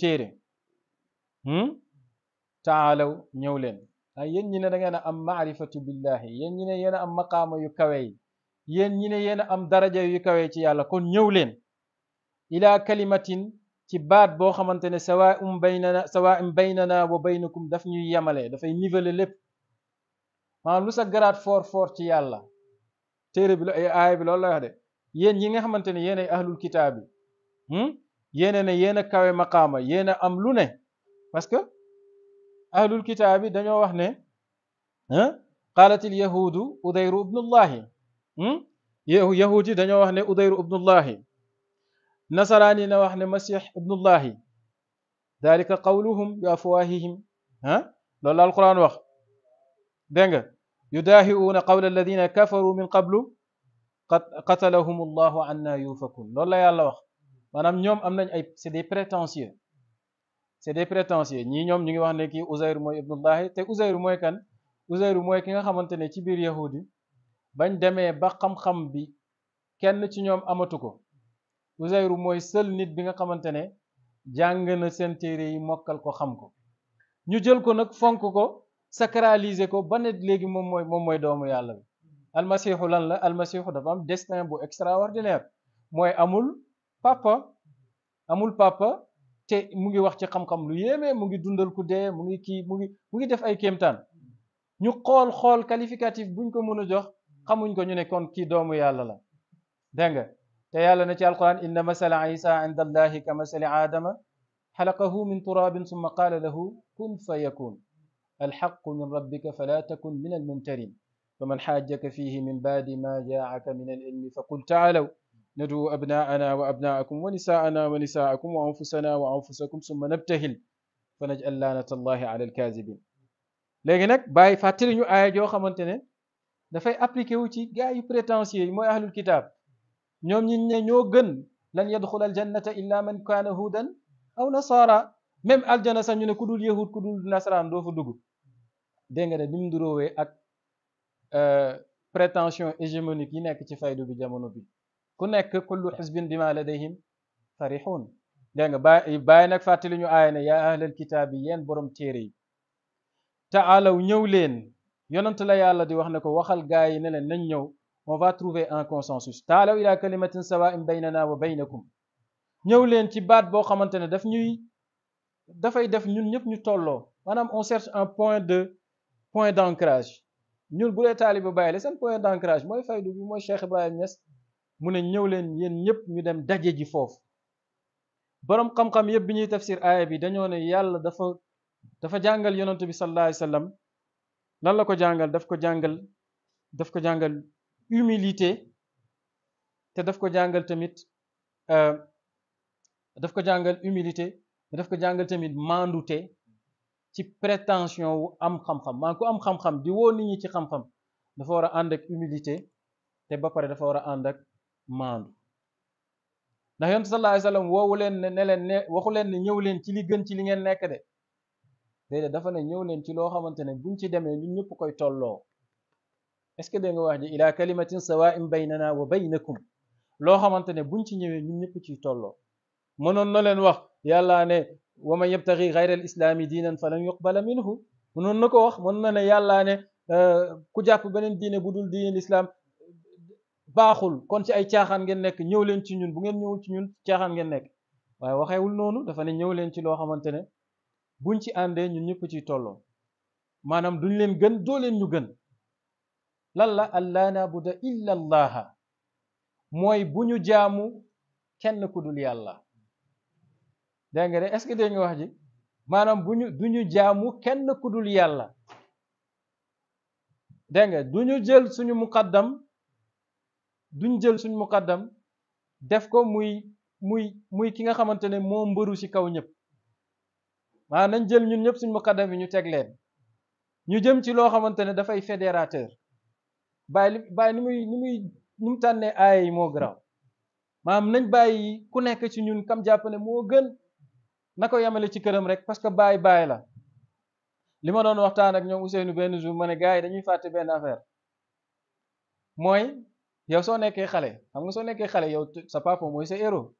téere hmm? taalaw ñëw leen ay ah, yéen ñi ne a am maarifatu billahi yéen ñi ne yéen a am maqaama yu kawe yi yéen ñi ne yéen a am daraja yu kawe ci yàlla kon ñëw leen ila kalimatin ci baat boo xamante ne sawaa'un baynana sawaa'un baynana wa baynakum daf ñuy yemale dafay niveler lépp maanaam ah, lu sa foor foor ci yàlla téere bi aaya bi loolu la wax de yéen ñi nga xamante ne yéen ay kitaabi hmm? yene ne yene kawe maqama yene am lu ne parce que ahlul kitaabi dañu wax ne qalat al yahud udayr ibn allah ibnullahi yahu yahudi dañu wax ne udayr ibn allah yi na wax ne masih ibn allah dalika qawluhum bi afwahihim ah lol la alquran wax dégg yudahiuna qawla alladhina kafaru min qablu qatalahum allahu anna yufakun loolu la yàlla wax maanaam ñoom am nañu ay c'est des prétentieux c'est des prétentieux ñii ñoom ñu ngi wax ne kii Uzayr mooy ibnullahi te Uzayr mooy kan Uzayr mooy ki nga xamante ne ci biir yahudi bañ demee ba xam-xam bi kenn ci ñoom amatu ko Uzayr mooy seul nit bi nga xamante ne jàng na seen téere yi mokkal ko xam ko ñu jël ko nag fonk ko sacraliser ko ba ne léegi moom mooy moom mooy doomu yàlla bi almasiixu lan la almasiixu dafa am destin bu extraordinaire mooy amul papa te mu ngi wax ci xam-xam lu yéme mu ngi dundal ku dé mu ngi ki mu ngi mu ngi def ay kéemtaan ñu xol xol qualificatif buñ ko mëna jox xamuñ ko ñu ne kon ki doomu yàlla la dégg nga te yàlla na ci alquran inna masala isa inda allahi kama masali adama halaqahu min turabin thumma qala lahu kun fayakun الحق من min rabbika fala takun min almumtarin faman xaajaka fihi min badi ma jaaka min alilmi fa ندعو أبناءنا وأبناءكم ونساءنا ونساءكم وأنفسنا وأنفسكم ثم نبتهل فنجعل لعنة الله على الكاذبين لكن باي فاتر نيو آية جو خمانتين دا فاي أبليكيو تي غاي بريتانسي مو أهل الكتاب نيوم نيو نيو غن لن يدخل الجنة إلا من كان هودا أو نصارى ميم الجنة سان نيو كودول يهود كودول نصران دو فدوغو دينغا دا نيم دروي اك ا بريتانسيون هيجيمونيك يي نيك تي فاي دو بي جامونو بي كنا كل حزب بما لديهم فرحون دنگ باينك فاتلي نيو آينا يا أهل الكتاب ين بروم تيري تعالوا نيو لين يونت لا يالا دي واخ نكو واخال غاي نلا نيو ما فا تروفي ان كونسنسوس تعالوا الى كلمه سواء بيننا وبينكم نيو لين تي بات بو خامتاني داف نيو دا فاي داف نيون نيب ني تولو مانام اون سيرش ان بوين دو بوين دانكراج نيول بولي طالب باي لي سان بوين دانكراج موي فايدو بي موي شيخ ابراهيم نيست mu ne ñëw leen yéen ñëpp ñu dem daje ji foofu boroom xam-xam yëpp bi ñuy tafsir aaya bi dañoo ne yàlla dafa dafa jàngal yonent bi sallallahu alayhi wasallam lan la ko jàngal daf ko jàngal daf ko jàngal humilité te daf ko jàngal tamit euh, daf ko jàngal humilité te ko jàngal tamit mandute ci prétention wu am xam-xam maa ku am xam-xam di woo nit ñi ci xam-xam dafa war a ànd ak humilité te ba pare dafa war a ànd ak maandu ndax yonent sallallahu alayhi wasallam leen ne ne leen ne waxu leen ne ñëw leen ci li gën ci li ngeen nekk de déedéet dafa ne ñëw leen ci loo xamante ne buñ ci demee ñun ñëpp koy tolloo est-ce que dégg nga wax ji ila kalimatin sawa'in baynana wa baynakum loo xamante ne buñ ci ñëwee ñun ñëpp ciy tolloo mënoon na leen wax yàllaa ne wa man yabtaghi ghayra al islaami diinan falan yuqbala minhu mënoon na ko wax mënoon na ne yàllaa ne ku jàpp beneen diine bu dul diine l'islam baaxul kon ci ay caaxaan ngeen nekk ñëw leen ci ñun bu ngeen ñëwul ci ñun caaxaan ngeen nekk waaye waxewul noonu dafa ne ñëw leen ci loo xamante ne buñ ci àndee ñun ñëpp ciy tolloo maanaam duñ leen gën doo leen ñu gën lan la allaa naabuda illa allaha mooy bu ñu jaamu kenn ku dul yàlla dégg nga est-ce que wax ji maanaam bu ñu jaamu kenn ku dul yàlla dégg nga du ñu jël suñu muqaddam duñ jël suñ muqaddam def ko muy muy muy ki nga xamante ne moo mbëru ci kaw ñëpp maanaam nañ jël ñun ñëpp suñ muqaddam yi ñu teg leen ñu jëm ci loo xamante ne dafay fédérateur bàyyi bàyyi ni muy ni muy ni mu tànnee aaya yi moo garaaw maanaam nañ bàyyi ku nekk ci ñun kam jàpp ne moo gën na ko yemale ci këram rek parce que bàyyi bàyyi la li ma doon waxtaan ak ñoom seenu benn jour ma ne gars yi dañuy fàtte benn affaire mooy yow so nekkee xalé xam nga so nekkee xalé yow sa papa moy sa héros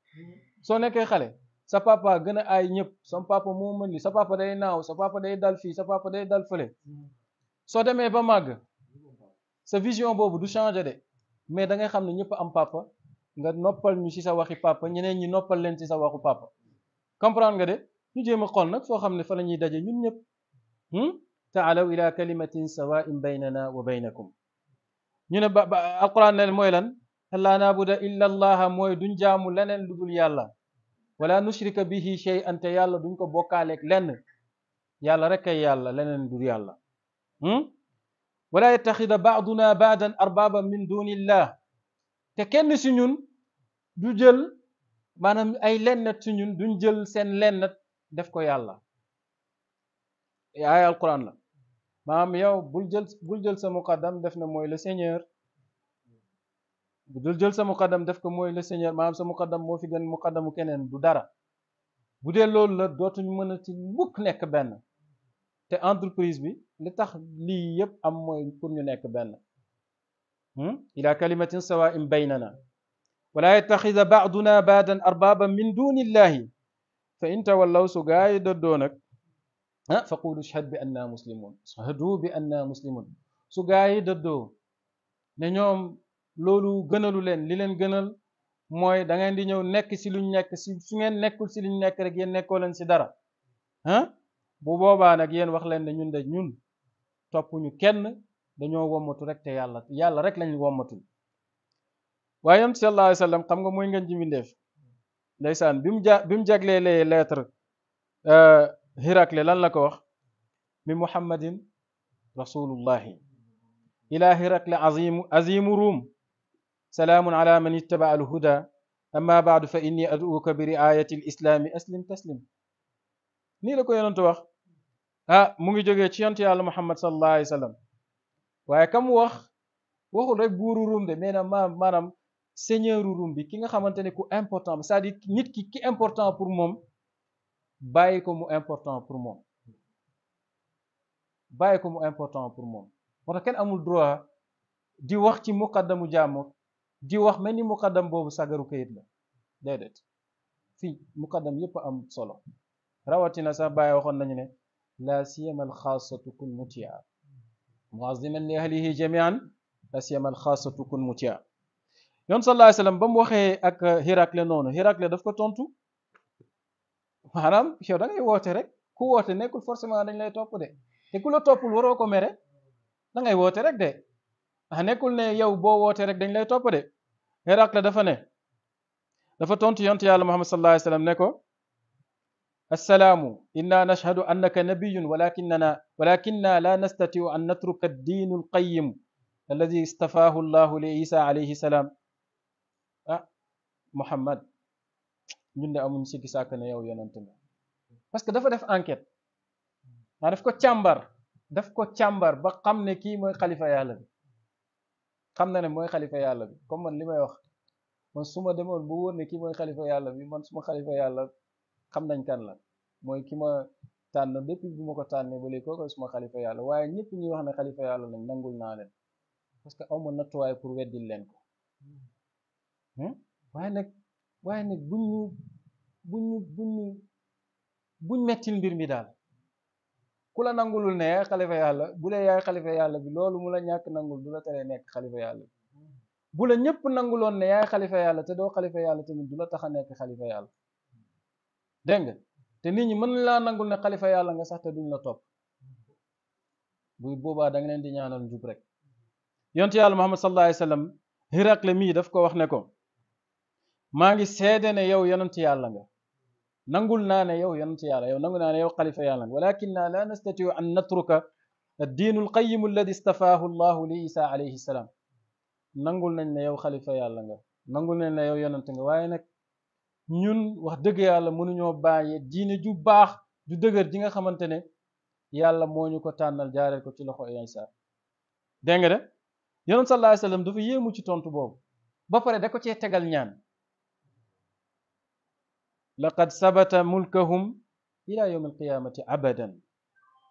so nekkee xalé sa papa gëna a ñëpp sa papa mo mën li sa papa day naaw sa papa day dal fi sa papa day dal fële so démé ba mag sa vision bobu du changer de mais da ngay xam ñëpp am papa nga noppal ñu ci sa waxi papa ñeneen ñi noppal leen ci sa waxu papa comprendre nga dé ñu jëma xol nak fo xamni nyi. fa lañuy dajé ñun ñëpp hmm? ta'alu ila kalimatin sawain baynana wa baynakum ñu alquran leen moy lan la nabuda illa allah moy duñ jaamu leneen lu yàlla wala nushrika bihi shay'an ta yàlla duñ ko bokalek len yàlla rek ay yàlla leneen dur yàlla hmm wala yattakhidha ba'duna ba'dan arbaba min dunillah te kenn si ñun du jël manam ay lennat si ñun duñ jël seen lennat def ko yàlla ay alquran la maam yow bul jël bul jël sa muqaddam def na mooy le seigneur bul jël sa muqaddam def ko mooy le seigneur maam sa muqaddam moo fi gën muqaddamu keneen du dara bu dee loolu la dootuñ mën a ci mukk nekk benn te entreprise bi li tax lii yëpp am mooy pour ñu nekk benn ila kalimatin sawaa'in baynana wala yattaxida baaduna baadan arbaaban min dunillahi fa in tawallaw su gaay dëddoo nag ah faqulu ashhad bi anna muslimun ashhadu bi anna muslimun su gaa yi dëddoo ne ñoom loolu gënalu leen li leen gënal mooy da ngeen di ñëw nekk si luñ nekk si su ngeen nekkul si luñ nekk rek yéen nekkoo leen si dara bu boobaa nag yéen wax leen ne ñun de ñun kenn dañoo wommatu rek te yàlla yàlla rek lañ wommatul waaye yam sallallahu alayhi wasallam xam nga mooy ngeen ji mbindeef ndeysaan bi mu ja bi mu jaglee lee lettre euh, هيراكلي لان لاكو واخ من محمد رسول الله الى هيراكلي عظيم عظيم روم سلام على من اتبع الهدى اما بعد فاني ادعوك برعايه الاسلام اسلم تسلم ني لاكو يونت واخ ها آه، موغي جوغي سي يونت يالله محمد صلى الله عليه وسلم واي كام واخ waxul rek buru room de mais ma manam seigneur room bi ki nga xamantene ku important c'est à dire nit ki ki important pour mom bàyyi ko mu important pour moom bàyyi ko mu important pour moom moo tax kenn amul droit di wax ci muqaddamu jàmm di wax mel ni muqaddam boobu sagaru kayit la déedéet fii muqaddam yépp am solo rawatina sa bàyyi waxoon nañu ne la siyama alxaasatu kun mutia muaziman li ahlihi jamian la siyama alxaasatu kun mutia yon sallallahu alayhi wasallam sallam ba mu ak hirakle noonu hirakle daf ko tontu manam yow da ngay wote rek ku wote nekul forcément dañ lay top de te ku la topul waro ko mere da ngay wote rek de ah nekul ne yow bo wote rek dañ lay top de Héracle dafa ne dafa tontu yont yàlla Muhammad sallallahu alayhi wasallam ne ko السلام إنا نشهد أنك نبي ولكننا ولكننا لا نستطيع أن نترك الدين القيم الذي استفاه الله لعيسى عليه السلام محمد ñun de amuñ sikki sàkk ne yow yonent nga parce que dafa def enquête waa daf ko càmbar daf ko càmbar ba xam ne kii mooy xalifa yàlla bi xam na ne mooy xalifa yàlla bi comme man li may wax man su ma demoon bu wóor ne kii mooy xalifa yàlla bi man suma xalifa yàlla xam nañ kan la mooy ki ma tànn depuis bu ma ko tànnee ba léegi kooku suma xalifa yàlla waaye ñëpp ñuy wax ne xalifa yàlla lañ nangul naa leen parce que aw ma nattuwaay pour weddil leen ko hmm? waaye nag waaye nag buñ ñu buñ ñu buñ ñu buñ mettil mbir mi daal ku la nangulul ne yaay xalifa yàlla bu dee yaay xalifa yàlla bi loolu la ñàkk nangul du la teree nekk xalifa yàlla bi bu la ñëpp nanguloon ne yaay xalifa yàlla te doo xalifa yàlla tamit du la tax a nekk xalifa yàlla dégg nga te nit ñi mën laa nangul ne xalifa yàlla nga sax te duñ la topp boobaa da leen di ñaanal njub rek yonte yàlla muhammad sallallahu alayhi wa sallam Hiraqle mii daf ko wax ne ko maa ngi ne yow yonent yàlla nga nangul nana yow yonent yàlla yow nangul nana yow khalifa yàlla nga walakinna la nastatiu an natruka ad-din al-qayyim alladhi istafahu Allah li isa alayhi salam nangul nañ ne yow khalifa yàlla nga nangul nañ ne yow yonent nga waye nak ñun wax deug yàlla mënu ñoo baye diine ju baax du dëgër gi nga xamantene yàlla moñu ko tanal jaareel ko ci loxo Isa dégg nga de yonent sallallahu alayhi wasallam sallam dafa yemu ci tontu bobu ba pare da ko ci tegal ñaan laqad sabata mulkahum ila yawm alqiyamati abadan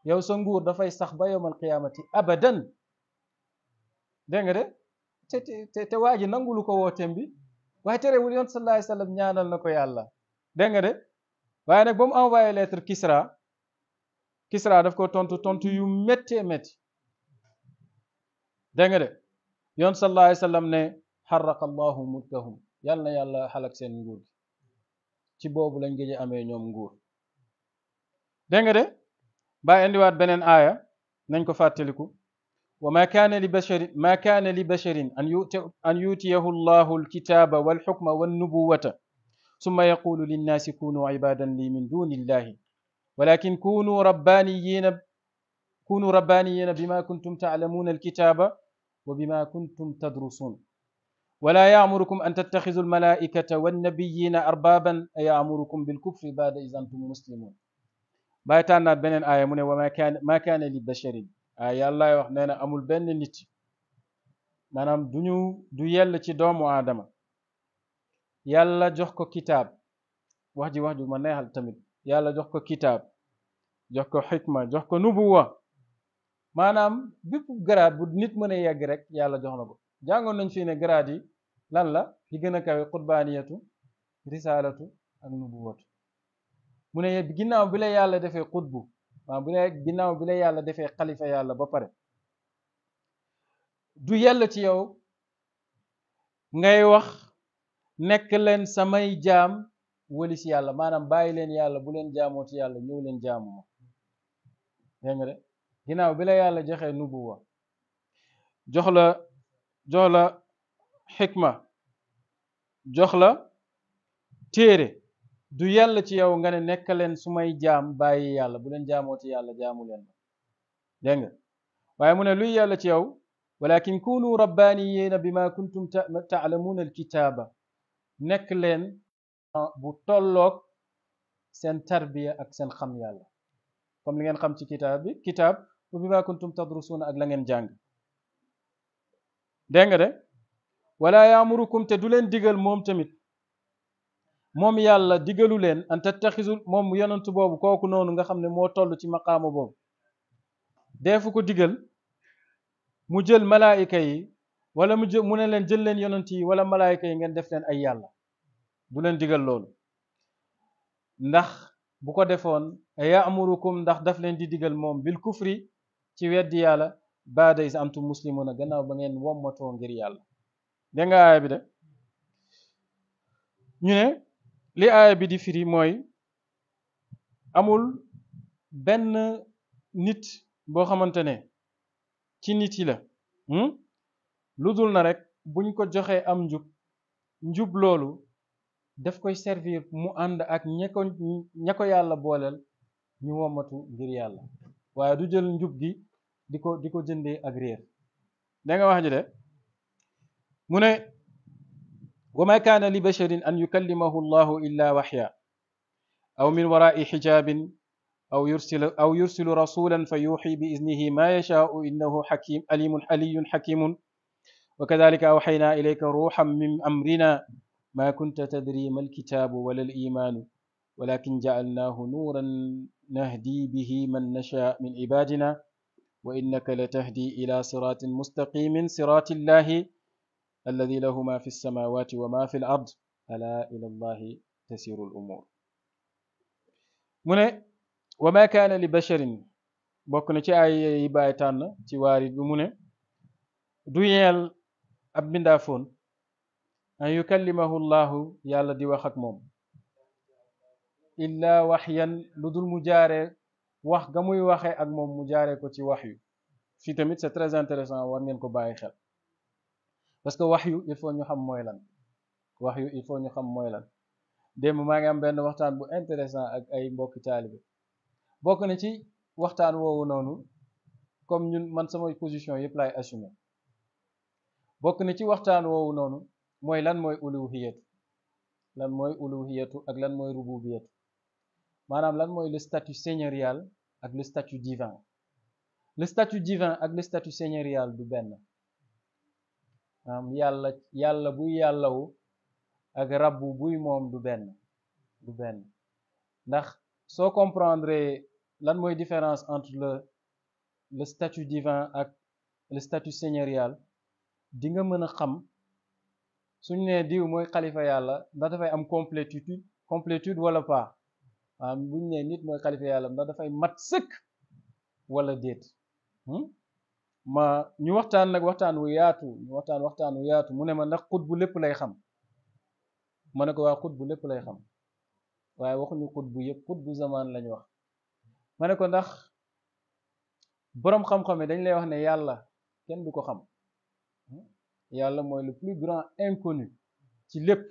yow sa nguur dafay sax ba yawm alqiyamati abadan dégg nga de te te te waa ji nangulu ko wooteem bi waaye terewul yonent sallallahu alayhi wasallam ñaanal na ko yàlla dégg nga de waaye nag ba mu envoyé lettre Kisra Kisra daf ko tontu tontu yu méttee métti dégg nga de yonent sallallahu alayhi wasallam ne xarraqa allahu mulkahum yàlla na yàlla xalak seen nguur gi ci boobu lañ gëj amee ñoom nguur dégg nga de bàyyi indiwaat beneen aaya nañ ko fàttaliku wa ma kaana li basharin ma kaana li basharin an yuti an yutiyahu llahu alkitaba walxukma wannubuwata summa yaqulu linnaasi kunu ibadan li min duni illahi walakin kunu rabbaniyina kunu rabbaniyina bima kuntum taalamuuna alkitaba wa bima kuntum tadrusuun ولا يأمركم أن تتخذوا الملائكة والنبيين أربابا أيأمركم بالكفر بعد إذ أنتم مسلمون بايتانا بنن آية من وما كان ما كان لبشر آية الله يوحنا أمول بن نتي maanaam du ñu du yell ci doomu aadama yàlla jox ko kitaab wax ji wax ju ma neexal tamit yàlla jox ko kitaab jox ko xikma jox ko nubuwa maanaam bépp garaat bu nit mën a yegg rek yàlla jox na ko jàngoon nañ fii ne garaat yi lan la li gën a kawe qurbaaniyatu risaalatu ak nubuwatu mu ne ginnaaw bi la yàlla defee xutbu waaw bu la ginnaaw bi la yàlla defee xalifa yàlla ba pare du yell ci yow ngay wax nekk leen samay jaam walis yàlla maanaam bàyyi leen yàlla bu leen jaamoo yàlla ñëw leen jaamu ginnaaw bi la yàlla joxee nubuwa jox la jox la xikma jox la téere du yàlla ci yow nga ne nekk leen su may jaam bàyyi yàlla bu leen jaamooti yàlla jaamu leen dégg nga waaye mu ne luy yàlla ci yow walakin kunu rabbaaniyiina bima kuntum taalamuuna alkitaaba nekk leen bu tollook seen tarbiya ak seen xam yàlla comme li ngeen xam ci kitaab bi kitaab bu bima kuntum tadrusuuna ak la ngeen jàng dégg de wala yaamurukum te du leen digal moom tamit moom yàlla digalu leen an tattaxisul moom yonentu boobu kooku noonu nga xam ne moo toll ci maqaama boobu deefu ko digal mu jël malaayika yi wala mu jë mu ne leen jël leen yonent yi wala malaayika yi ngeen def leen ay yàlla du leen digal loolu ndax bu ko defoon yaamurukum ndax daf leen di digal moom bil kufri ci weddi yàlla baada is antum muslimuna gannaaw ba ngeen wommatoo ngir yàlla dégg aaya bi de ñu ne li aaya bi di firi mooy amul benn nit boo xamante ne ci nit yi la hmm? lu dul na rek buñ ko joxee am njub njub loolu daf koy servir mu ànd ak ña ko ña ko yàlla booleel ñu womatu ngir yàlla waaye du jël njub gi di ko di ko jëndee ak réer da wax ji de من وما كان لبشر أن يكلمه الله إلا وحيا أو من وراء حجاب أو يرسل أو يرسل رسولا فيوحي بإذنه ما يشاء إنه حكيم أليم علي حكيم وكذلك أوحينا إليك روحا من أمرنا ما كنت تدري ما الكتاب ولا الإيمان ولكن جعلناه نورا نهدي به من نشاء من عبادنا وإنك لتهدي إلى صراط مستقيم صراط الله الذي له ما في السماوات وما في الأرض ألا إلى الله تسير الأمور من وما كان لبشر بكنا تي أي يبايتان تي وارد من دويل أبن دافون أن يكلمه الله يا الله دي إلا وحيا لدل مجارة وخ غموي وخي أك مجارة كو تي في تمت سي تريز انتريسان خل parce que wax yu il faut ñu xam mooy lan wax yu il faut ñu xam mooy lan démb maa ngi am benn waxtaan bu intéressant ak ay mbokki taalibe bokk na ci waxtaan woowu noonu comme ñu man sama position yëpp laay assumé bokk na ci waxtaan woowu noonu mooy lan mooy uluhiyatu lan mooy uluhiyatu ak lan mooy rububiyatu maanaam lan mooy le statut seigneurial ak le statut divin le statut divin ak le statut seigneurial du benn am yalla yalla buy yàllawu ak rabbu buy mom du ben du ben ndax so comprendre lan moy différence entre le le statut divin ak le statut seigneurial di nga mën xam suñ né diw mooy xalifa yàlla ndax fay am complétude complétude wala pas am buñ né nit mooy xalifa yàlla ndax fay mat seuk wala hmm? ma ñu waxtaan nag waxtaan wu yaatu ñu waxtaan waxtaan wu mu ne ma ndax xut bu lépp lay xam ma ne ko waa xut bu lépp lay xam waaye waxuñu xut bu yëpp xut bu zamaan lañ wax ma ne ko ndax boroom xam-xam yi dañ lay wax ne yàlla kenn du ko xam yàlla mooy le plus grand inconnu ci lépp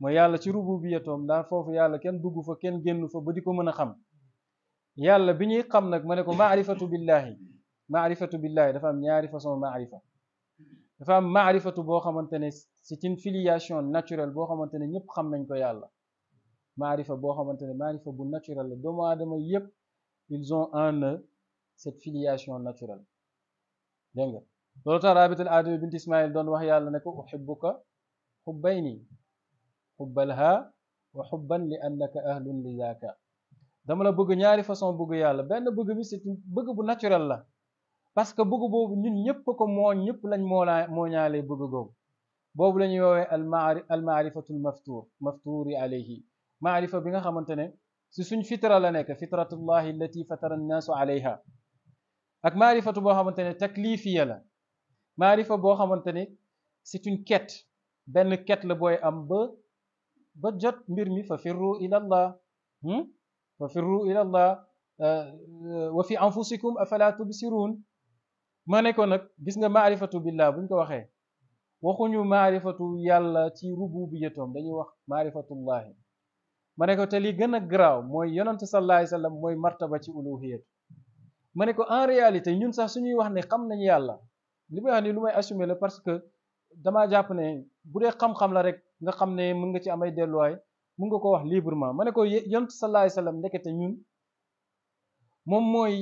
mooy yàlla ci rububiyatoom daal foofu yàlla kenn dugg fa kenn génn fa ba di ko mën a xam yàlla bi ñuy xam nag ma ne ko maarifatu billahi maarifatu billahi dafa am ñaari façon maarifa dafa am maarifatu boo xamante ne c'est une filiation naturelle boo xamante ne ñëpp xam nañ ko yàlla maarifa boo xamante ne maarifa bu naturelle la doomu aadama yëpp ils ont en eux cette filiation naturelle dégg nga loolu tax raabital aadama bint ismail doon wax yàlla ne ko uhibbuka xubbayni xubbalha wa xubban li annaka ahlun li zaaka dama la bëgg ñaari façon bëgg yàlla benn bëgg bi c'est bëgg bu naturel la parce que bëgg boobu ñun ñëpp ko mooñ ñëpp lañ mo moolaa mooñaale bëgg gog googu boobu la ñuy woowee almari almaarifatul maftur maftur alayhi ma'rifa bi nga xamantene ci suñ fitra la nekk fitratullahi allati fatara an annaasu alayha ak ma'rifatu bo xamantene taklifiya la ma'rifa bo xamantene ne c'est une quête benn quête la boy am ba ba jot mbir mi fa firru ila allah fa firru ila allah wa fi anfusikum afala tubsirun ma ne nag gis nga maarifatu billah buñ ko waxee waxuñu maarifatu yàlla ci rububiyatoom dañuy wax maarifatullahi ma ne ko te li gën a garaaw mooy yonent sallallahu alayhi wasallam mooy martaba ci uluhiyatu ma ne ko en réalité ñun sax su ñuy wax ne xam nañ yàlla limu may ni lu may assumer la parce que damaa jàpp ne bu dee xam-xam la rek nga xam ne mën nga ci amay delluwaay mën nga ko wax librement ma ne ko yonent sallallahu alayhi wasallam ndekete ñun moom mooy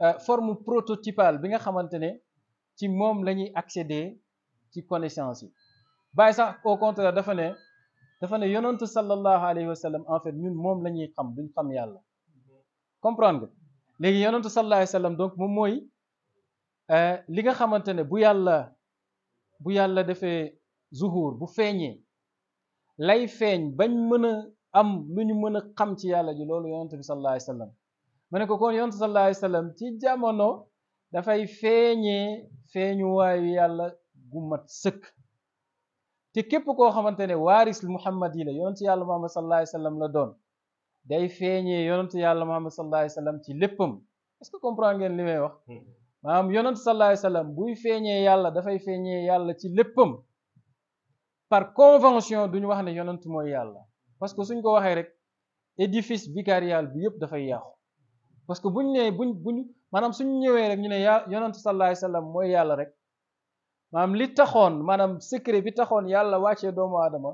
Euh, forme prototypale bi nga xamante ne ci moom la accéder ci connaissance yi bàyyi sax au contraire dafa ne dafa ne yonantu sallallahu alayhi wa sallam en fait ñun moom la ñuy xam duñ xam yàlla comprendre nga léegi yonantu sallallahu alayhi wa sallam donc moom mooy euh, li nga xamante ne bu yàlla bu fait defee zuhur bu feeñee lay feeñ bañ mën am lu ñu mën a xam ci yàlla ji loolu yonantu sallallahu alayhi wa sallam mu ne ko kon yontu sallallahu alayhi wa sallam ci jamono dafay feeñee feeñuwaayu yàlla gu mat sëkk te képp koo xamante ne waaris muhammad yi la yonentu yàlla muhammad sallallahu alayhi wa sallam la doon day feeñee yonentu yàlla muhammad sallallahu alayhi wa sallam ci léppam est-ce que comprendre ngeen li may wax maanaam yonentu sallallahu alayhi wa sallam buy feeñee yàlla dafay feeñee yàlla ci léppam par convention duñu wax ne yonentu mooy yàlla parce que suñ ko waxee rek édifice vicarial bi yëpp dafay yàqu parce que buñ né buñ buñ manam suñu ñëwé rek ñu né yàlla yonantu sallallahu alayhi wasallam moy yalla rek manam li taxone manam secret bi taxone yalla wacce doomu adama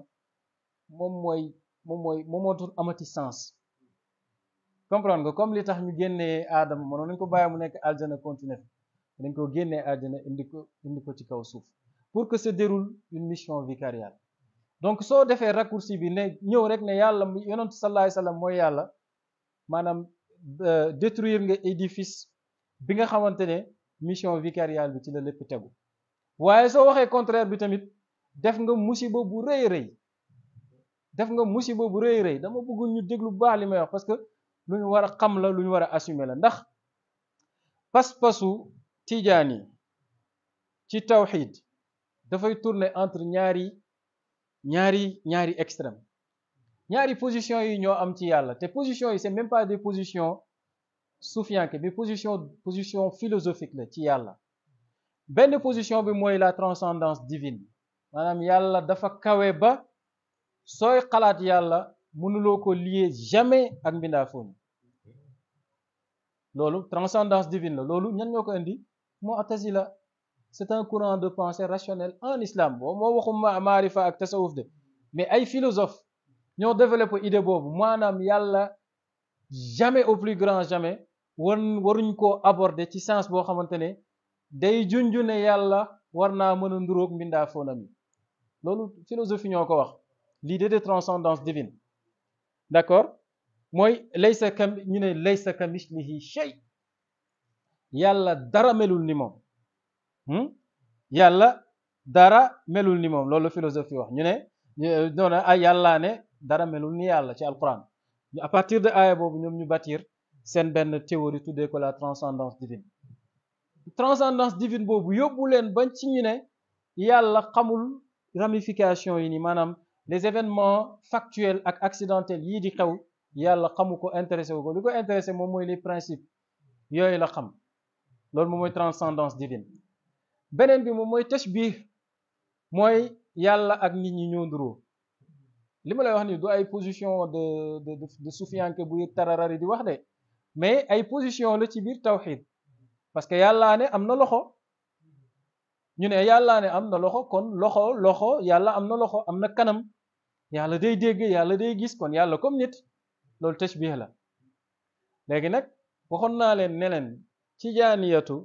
mom moy moom mooy moom amati sens comprendre nga comme li tax ñu génné aadama mënoon nañu ko baye mu nekk aljana continuer dañ ko génné aljana indi ko indi ko ci kaw suuf pour que se déroule une mission vicariale donc so défé raccourci bi né ñëw rek né yalla yonantu sallallahu alayhi wasallam moy yalla manam Euh, détruire nga édifice bi nga xamante ne mission vicariale bi ci la lépp tegu waaye soo waxee contraire bi tamit def nga musiba bu rëy rëy def nga musiba bu rëy rëy dama bëggul ñu déglu bu baax li may wax parce que lu ñu war a xam la lu ñu war a assumer la ndax pas-pasu tiijaan yi ci tawxiid dafay tourner entre ñaari ñaari ñaari extrême ñaari position yi ñoo am ci yàlla te position yi c'est même pas des positions soufianke mais position position philosophique la ci yàlla benn position bi mooy la transcendance divine maanaam Yalla, dafa kawe ba sooy xalaat yàlla mënuloo ko lier jamais ak mbindaafoon loolu transcendance divine la loolu ñan ñoo ko indi moo c'est un courant de pensée rationnel en islam boo moo ma maarifa ak tasawuf de mais ay philosophe avons développé idée que manam yalla jamais au plus grand jamais que waruñ ko aborder ci sens bo xamantene day junjune yalla war philosophie l'idée de transcendance divine d'accord moy laysa kam ñu ne laysa mislihi shay yalla dara melul ni que hmm? yalla dara melul ni philosophie wax dara melul ni yalla ci alquran à partir de aya bobu ñom ñu bâtir sen benn théorie tudé ko la transcendance divine transcendance divine bobu yóbbu leen bañ ci ñu né yalla xamul ramification yi ni manam les événements factuels ak accidentels yi di xew yalla xamuko intéressé wu ko li intéressé mom moy les principes yoy la xam lool mom moy transcendance divine benen bi mom moy tashbih moy yalla ak nit ñi ñoo nduro li ma lay wax ni du ay position de de de soufian ke bu tararari di wax de mais ay position la ci bir tawhid parce que yalla ne amna loxo ñu ne yalla ne amna loxo kon loxo loxo yàlla amna loxo amna kanam yàlla day deg yàlla day gis kon yàlla comme nit lol tashbih la legi nak waxon na len ne ci janiyatu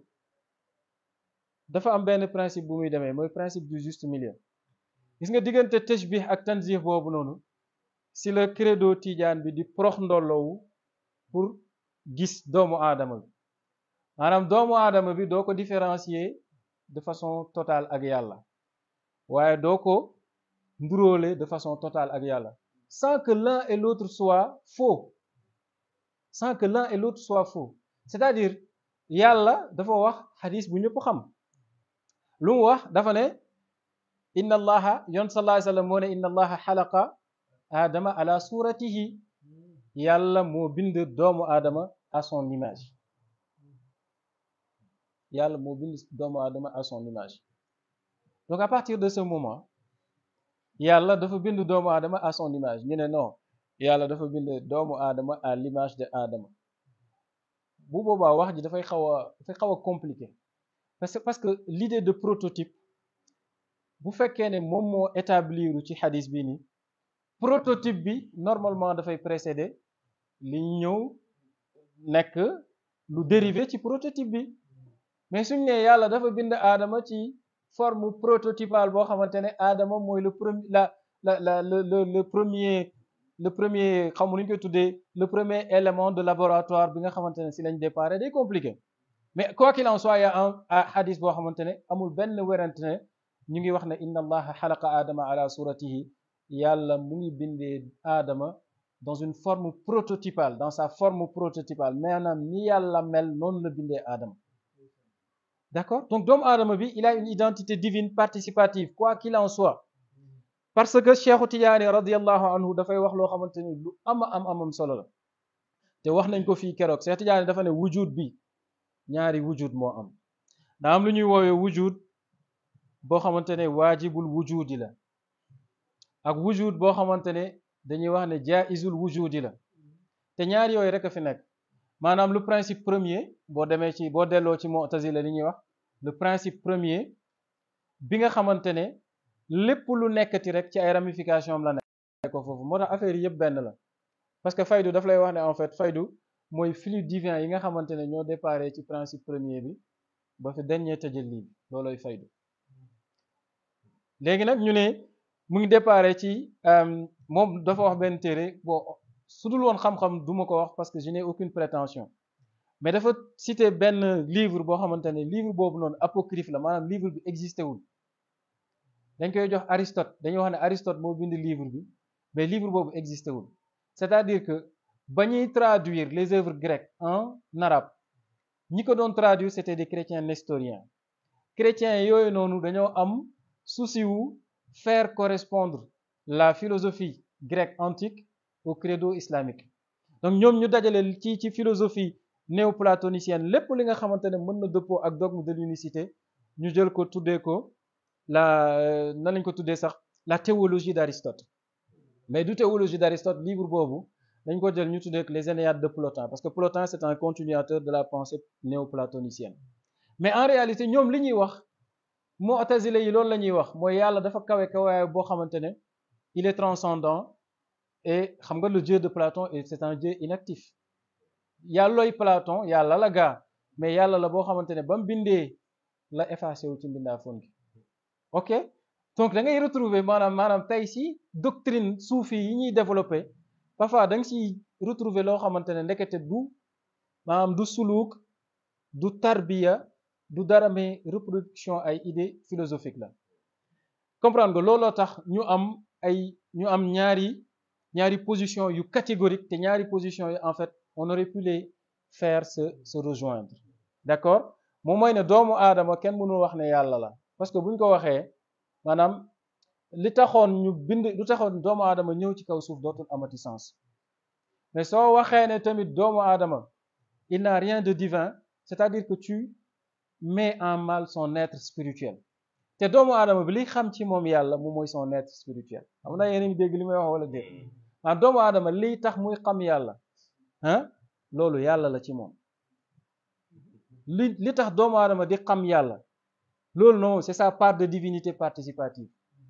dafa am ben principe bu muy deme moy principe du juste milieu gis nga diggante tashbih ak tanzih boobu noonu si la credo tijaan bi di prox ndollowu pour gis doomu aadama bi maanaam doomu aadama bi doo ko différencier de façon totale ak yàlla waaye doo ko nduróole de façon totale ak yàlla sans que l'un et l'autre soit faux sans que l'un et l'autre soit faux c'est-à-dire yàlla dafa wax xadis bu ñëpp xam lu mu wax dafa ne inna allaha yon sallallahu sallam moo ne inna allaha xalaqa aadama ala suratihi yàlla moo bind doomu aadama à son image yàlla moo bind doomu aadama à son image donc à partir de ce moment yàlla dafa bind doomu aadama à son image ñu ne non yàlla dafa bind doomu aadama à l'image de aadama bu boobaa wax ji dafay xaw a dafay xaw a compliqué parce que parce que l'idée de prototype bu fekkee ne moom moo établir ci xadis bi ni prototype bi normalement dafay précéder li ñëw nekk lu dérivé ci prototype bi mais suñ ne yàlla dafa bind aadama ci forme prototypale boo xamante ne aadama mooy le premier la la la le le premier le premier xamu nu ñu koy tuddee le premier élément de laboratoire bi nga xamante ne si lañ déparé day compliqué mais quoi qu'il en soit y a un hadis boo xamante ne amul benn werante ne ñu ngi wax ne inna allaha xalaqa aadama ala suratihi yàlla mu ngi dans une forme prototypale dans sa forme prototypale maanaam ni yàlla mel non la bindé adam d'accord donc dom adam bi il a une identité divine participative quoi qu'il en soit parce que cheikhu tijaani radiallahu anhu da fay wax lo xamanteni ni lu am am am solo la te wax nañ ko fi kérok cheikh da fa ne wujud bi ñaari wujud mo am da am lu ñuy woowee wujud bo xamantene ne wujudi la ak wujud bo xamantene ne dañuy wax ne jaizul wujudi la te ñaar yoy rek fi nek manam le principe premier bo demee ci bo delloo ci Mu'tazila li ñuy wax le principe premier bi nga xamantene ne lu nekkati rek ci ay ramification am la nek ko fofu motax affaire yeb ben la parce que faydu daf lay wax ne en fait faydu moy flux divin yi nga xamantene ño déparé ci principe premier bi ba fi dernier tëjël loloy faydu léegi nak ñu ne mu ngi déparé ci euh, parce que je n'ai aucune prétention mais dafa livre livre non, apocryphe la livre bi existé wul dañ koy Aristote wax livre bi mais livre existé c'est-à-dire que bañuy traduire les œuvres grecques en arabe ñi ko traduire c'était des chrétiens nestoriens chrétiens yoyu nonu am souci ou faire correspondre la philosophie grecque antique au credo islamique donc nous ñu dajale ci la philosophie néoplatonicienne nous nga dogme de l'unicité avons jël ko la euh, la théologie d'Aristote mais théologie d'Aristote livre les de Plotin parce que Plotin c'est un continuateur de la pensée néoplatonicienne mais en réalité nous mu'tazila yi loolu lañuy wax mooy yàlla dafa kawe kawaay boo xamante ne il est transcendant et xam nga le dieu de Platon est c'est un dieu inactif yàllooy Platon yàlla la gaa mais yàlla la boo xamante ne ba mu bindee la effacé wu ci mbindaafoon gi ok donc da ngay retrouver maanaam maanaam tey si doctrine soufi yi ñuy développé parfois da nga siy retrouver loo xamante ne ndekete du maanaam du suluk du tarbiya du darame reproduction ay idée philosophique la comprendre lolo looloo tax ñu am ay ñu am ñaari ñaari position yu catégorique té ñaari position yu en fait on aurait pu les faire se se rejoindre d'accord mo mooy né doomu adama ken mënu wax ne yalla la parce que buñ ko waxé manam li taxone ñu bind lu taxone doomu adama ñëw ci kaw suuf dotul amati sens mais so waxé né tamit doomu adama il n'a rien de divin c'est-à-dire que tu mais en mal son être spirituel te doomu aadama bi li xam ci moom yàlla mooy son être spirituel a li may wax wala dégg ah doomu tax muy hein, la ci li tax doomu c'est sa part de divinité participative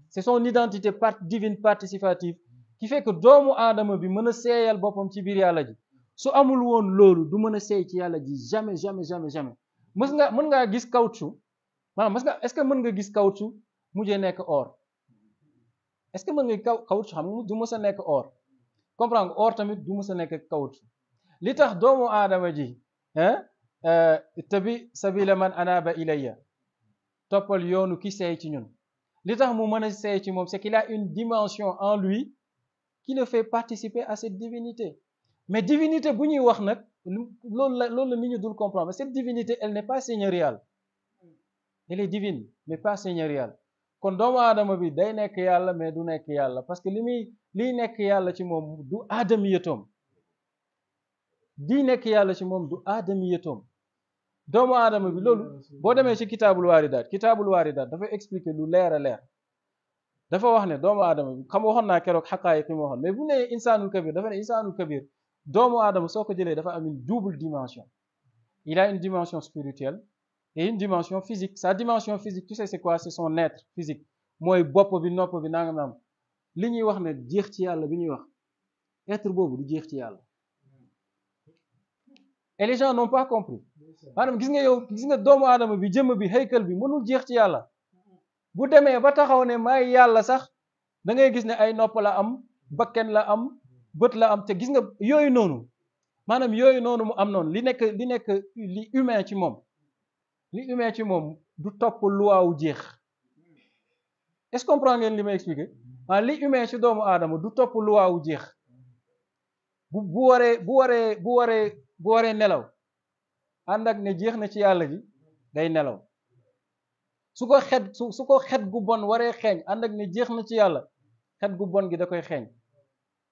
c'est son identité divine participative qui fait que doomu Adam bi mën a seeyal ci biir yàlla ji su amul woon loolu du jamais jamais jamais jamais mës nga mën ngaa gis caoutchouc maanaam mës nga est-ce que mën nga gis caoutchouc mujjee nekk or est-ce que mën nga caoutchouc xam nga du mës a nekk or comprendre or tamit du mës a nekk caoutchouc li tax doomu aadama ji hein euh, tabi sabila man anaba ilayya toppal yoonu ki seey ci ñun li tax mu mën a seey ci moom c'est qu'il a une dimension en lui qui le fait participer à cette divinité mais divinité bu ñuy wax nag loolu la loolu la nit ñi dul comprendre cette divinité elle n'est pas seigneuriale elle est divine mais pas seigneuriale kon doomu aadama bi day nekk yàlla mais du nekk yàlla parce que li nekk yàlla ci moom du aadami yëtoom nekk yàlla ci moom du aadami yëtoom doomu aadama bi loolu boo demee ci kitaabul waaridaat kitaabul waaridaat dafa expliquer lu leer a leer dafa wax ne doomu aadama bi xam waxoon naa keroog xaqaayiq yi ma waxoon mais bu nee insaanul kabir dafa ne insaanul kabir doomu aadama soo ko jëlee dafa am une double dimension il a une dimension spirituelle et une dimension physique sa dimension physique tu sais c'est quoi c'est son être physique mooy bopp bi nopp bi nanga naam li ñuy wax ne jeex ci yàlla bi wax être boobu du jeex ci yàlla et les gens n'ont pas compris maanaam gis nga yow gis nga doomu aadama bi jëmm bi haykal bi mënul jeex ci yàlla bu demee ba taxaw ne maay yàlla sax da ngay gis ne ay nopp la am bakken la am bët la am te gis nga yooyu noonu maanaam yooyu noonu mu am noonu li nekk li nekk li humain ci moom li humain ci moom du topp luwaawu jeex est-ce que comprend ngeen li may expliqué ah li humain ci doomu aadama du topp luwaawu jeex bu bu waree bu waree bu waree bu waree nelaw ànd ak ne jeex na ci yàlla ji day nelaw su ko xet su su ko xet gu bon waree xeeñ ànd ak ne jeex na ci yàlla xet gu bon gi da koy xeeñ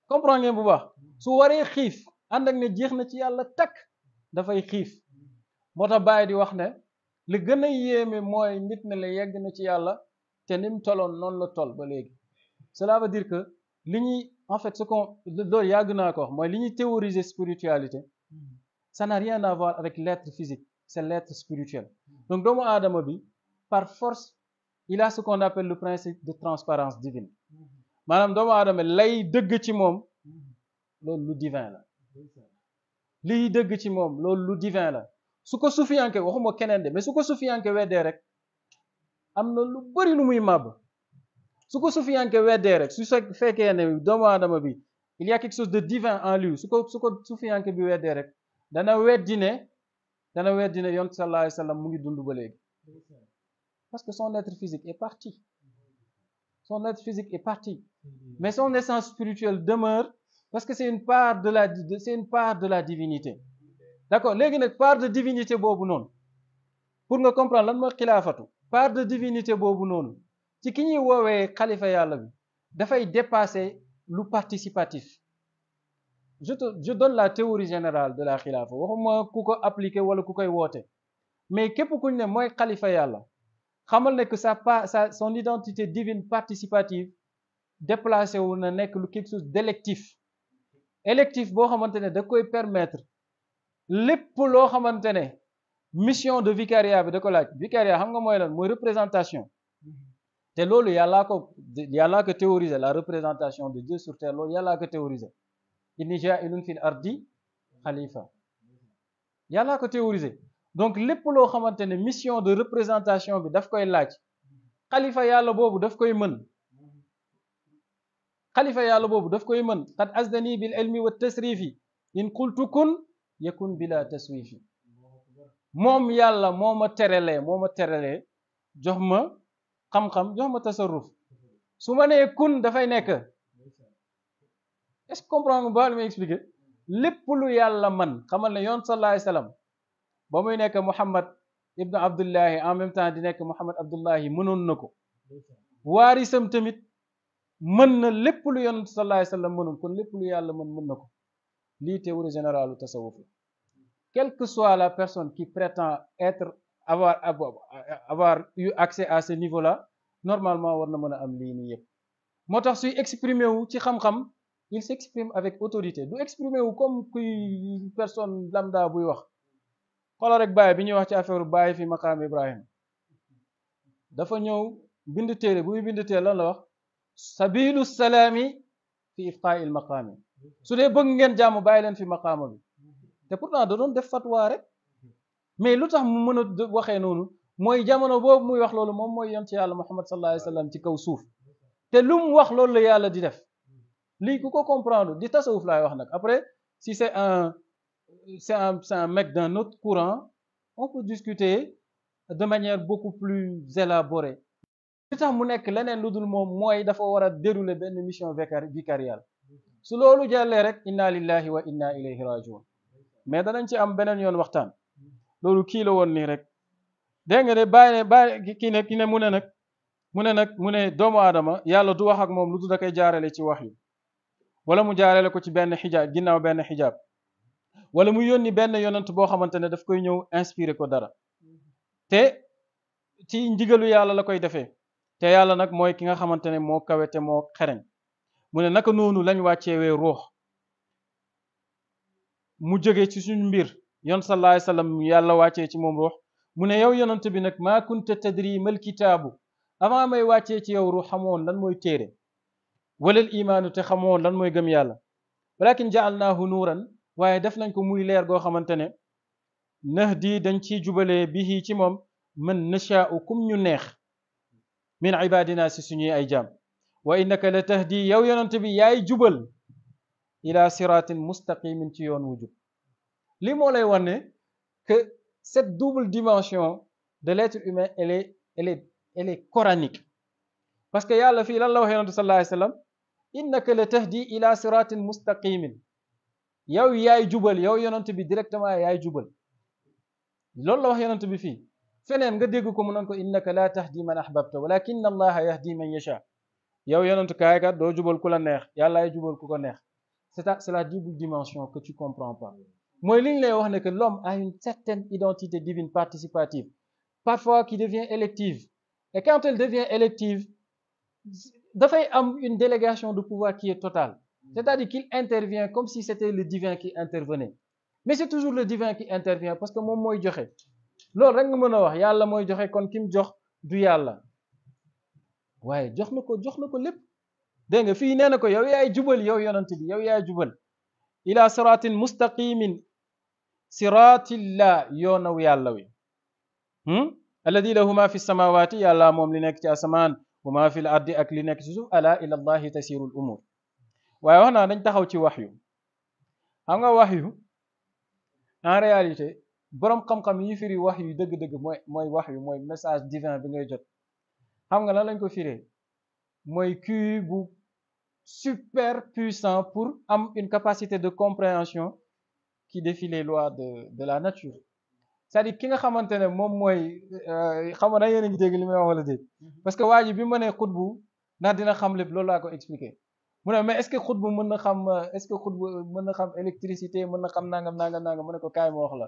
comprend ngeen bu baax su waree xiif ànd ak ne jeex na ci yàlla takk dafay xiif moo tax bàyyi di wax ne li gën a yéeme mooy nit ne la yegg na ci yàlla te ni mu toloon noonu la tol ba léegi cela veut dire que li en fait ce qu'on loolu yàgg naa ko wax mooy li théoriser spiritualité ça n'a rien à voir avec l'être physique c'est l'être spirituel donc dans aadama bi par force il a ce qu'on appelle le principe de transparence divine maanaam doomu aadama lay deug ci mom loolu lu divin la liy deug ci mom loolu lu divin la suko soufianke waxuma kenen de mais suko soufianke wédé rek amna lu bari lu muy màbb suko soufianke wédé rek su fekkee ne doomu aadama bi il y a quelque chose de divin en lui suko suko soufianke bi wédé rek dana weddi dana weddi ne sallallahu alayhi wasallam mu ngi dundou ba léegi parce que son être physique est parti son être physique est parti mais son essence spirituelle demeure parce que c'est une part de la c'est une part de la divinité. D'accord léegi part de divinité pour nga comprendre lan mooy part de divinité si noonu ci ki ñuy woowee xalifa yàlla dépasser le participatif. je te je donne la théorie générale de la xilaafa waxuma ku ko appliquer wala ku koy woote mais képp kuñ ne mooy xalifa yàlla xamal ne que sa sa son identité divine participative déplacé wu na nek lu quelque chose d'électif électif bo xamantene da koy permettre lepp lo xamantene mission de vicariat bi da ko laaj vicariat xam nga moy lan moy représentation té lolu yalla ko yalla ko théoriser la représentation de Dieu sur terre lolu yalla ko théoriser inni jaa'ilun fil ardi khalifa Yalla ko théoriser donc lepp lo xamantene mission de représentation bi daf koy laaj khalifa yalla bobu daf koy meun خليفة يا لبوب دفكو يمن قد أزدني بالعلم والتسريف إن قلت كن يكون بلا تسويف موم يالا موم ترلي موم ترلي جهما قم قم جهما تصرف سوما ني كن دفاي نيك اس كومبرون با لي اكسبليك لب لو يالا من خمال لي يونس الله عليه السلام بامي نيك محمد ابن عبد الله ام ميم تان محمد عبد الله منون نكو وارثم تميت mën na lépp lu yonent sallallahu alayhi wa sallam mënul kon lepp lu yalla mën mën nako li lii théorie générale tasawuf la que soit la personne qui prétend être avoir avoir eu accès à ce niveau là normalement war na mën am li ni yëpp motax tax suy exprimé wu ci xam-xam il s'exprime avec autorité du exprimé wu comme kuy personne lambda buy wax xoolal rek Baye bi ñuy wax ci affaire Baye fi maqam Ibrahim dafa ñew bind téere bu bind téere lan la wax sabilu salaami fi iftaa'il maqaami su dee bëgg ngeen jàmm bàyyi leen fi maqaama bi te pourtant da doon def fatwa rek mais lu tax mu mën a waxee noonu mooy jamono boobu muy wax loolu moom mooy yonent yàlla Muhammad sallallahu alayhi wa sallam ci kaw suuf te lu mu wax loolu la yàlla di def lii ku ko comprendre di tasawuf laay wax nag après si c'est un c'est un c'est un mec d'un autre courant on peut discuter de manière beaucoup plus élaborée tax mu nekk leneen lu dul moom mooy dafa war a dérouler benn mission vicariale su loolu jàllee rek inna lillahi wa inna ilayhi rajiun mais danañ ci am beneen yoon waxtaan loolu kii la woon nii rek dégg nga de bàyyi ne bàyyi kii ne ki ne mu ne nag mu ne nag mu ne doomu aadama yàlla du wax ak moom lu dul da koy jaarale ci wax yi wala mu jaarale ko ci benn xijaab ginnaaw benn xijaab wala mu yónni benn yonent boo xamante ne daf koy ñëw inspiré ko dara te ci ndigalu yàlla la koy defee te yàlla nag mooy ki nga xamante ne moo kawe te moo xereñ mu ne naka noonu lañ wàcceewee ruux mu jóge ci suñu mbir yoon sallallahu alayhi yàlla wàccee ci moom ruux mu ne yow yonent bi nag maa kunta tadri mal kitaabu avant may wàccee ci yow ruux xamoon lan mooy téere walal imaanu te xamoon lan mooy gëm yàlla walakin jaalnaahu nuuran waaye def nañ ko muy leer goo xamante ne di dañ ci jubalee bihi ci moom man nashaa'u kum ñu neex من عبادنا سسني أي جام وإنك لتهدي innaka la ياي جبل إلى bi مستقيم تيون وجب siratin mustaqimin ci ك wu jub li cette double dimension de l'être humain elle est elle est elle est coranique parce que yàlla fii lan la wax yonent sallallahu alayhi wasallam innaka la tahdi ila siratin mustaqim yow yaay jubal yow yonent bi directement yaay jubal lolou la wax yonent bi fi c'est la double dimension que tu comprends pas Moi, liñ que l'homme a une certaine identité divine participative parfois qui devient élective et quand elle devient élective y a une délégation de pouvoir qui est totale c'est-à-dire qu'il intervient comme si c'était le divin qui intervenait mais c'est toujours le divin qui intervient parce que moom mooy joxe lool rek nga mëna wax yàlla moy joxe kon kim jox du yàlla waaye jox nako jox nako lépp de nga fi nee ko yow yaay jubal yow yonent bi yow yaay jubal ila siratin mustaqimin siraatillah yonaw yàlla wi hmm alladhi lahu ma fi samawati yàlla mom li nek ci asman wa ma fi l ardi ak li nekk ci suuf ala ila allahi tasiru l umur waaye wax dañ taxaw ci wax xam nga wax en réalité borom xam-xam yi firi wax yu dëgg-dëgg mooy mooy wax yu mooy message divin bi ngay jot xam nga lan lañ ko firee mooy QI bu super puissant pour am une capacité de compréhension qui défie les lois de de la nature c'est-à-dire ki nga xamante ne moom mooy euh, xam nga da yéen a ngi dégg li may wax wala déet mm-hmm. parce que waa ji bi ma nee xutbu ndax dina xam lépp loolu laa ko expliqué mu ne mais est-ce que xutbu mën na xam euh, est-ce que xutbu mën na xam électricité mën na xam nangam nangam nangam mu ne ko kaay ma wax la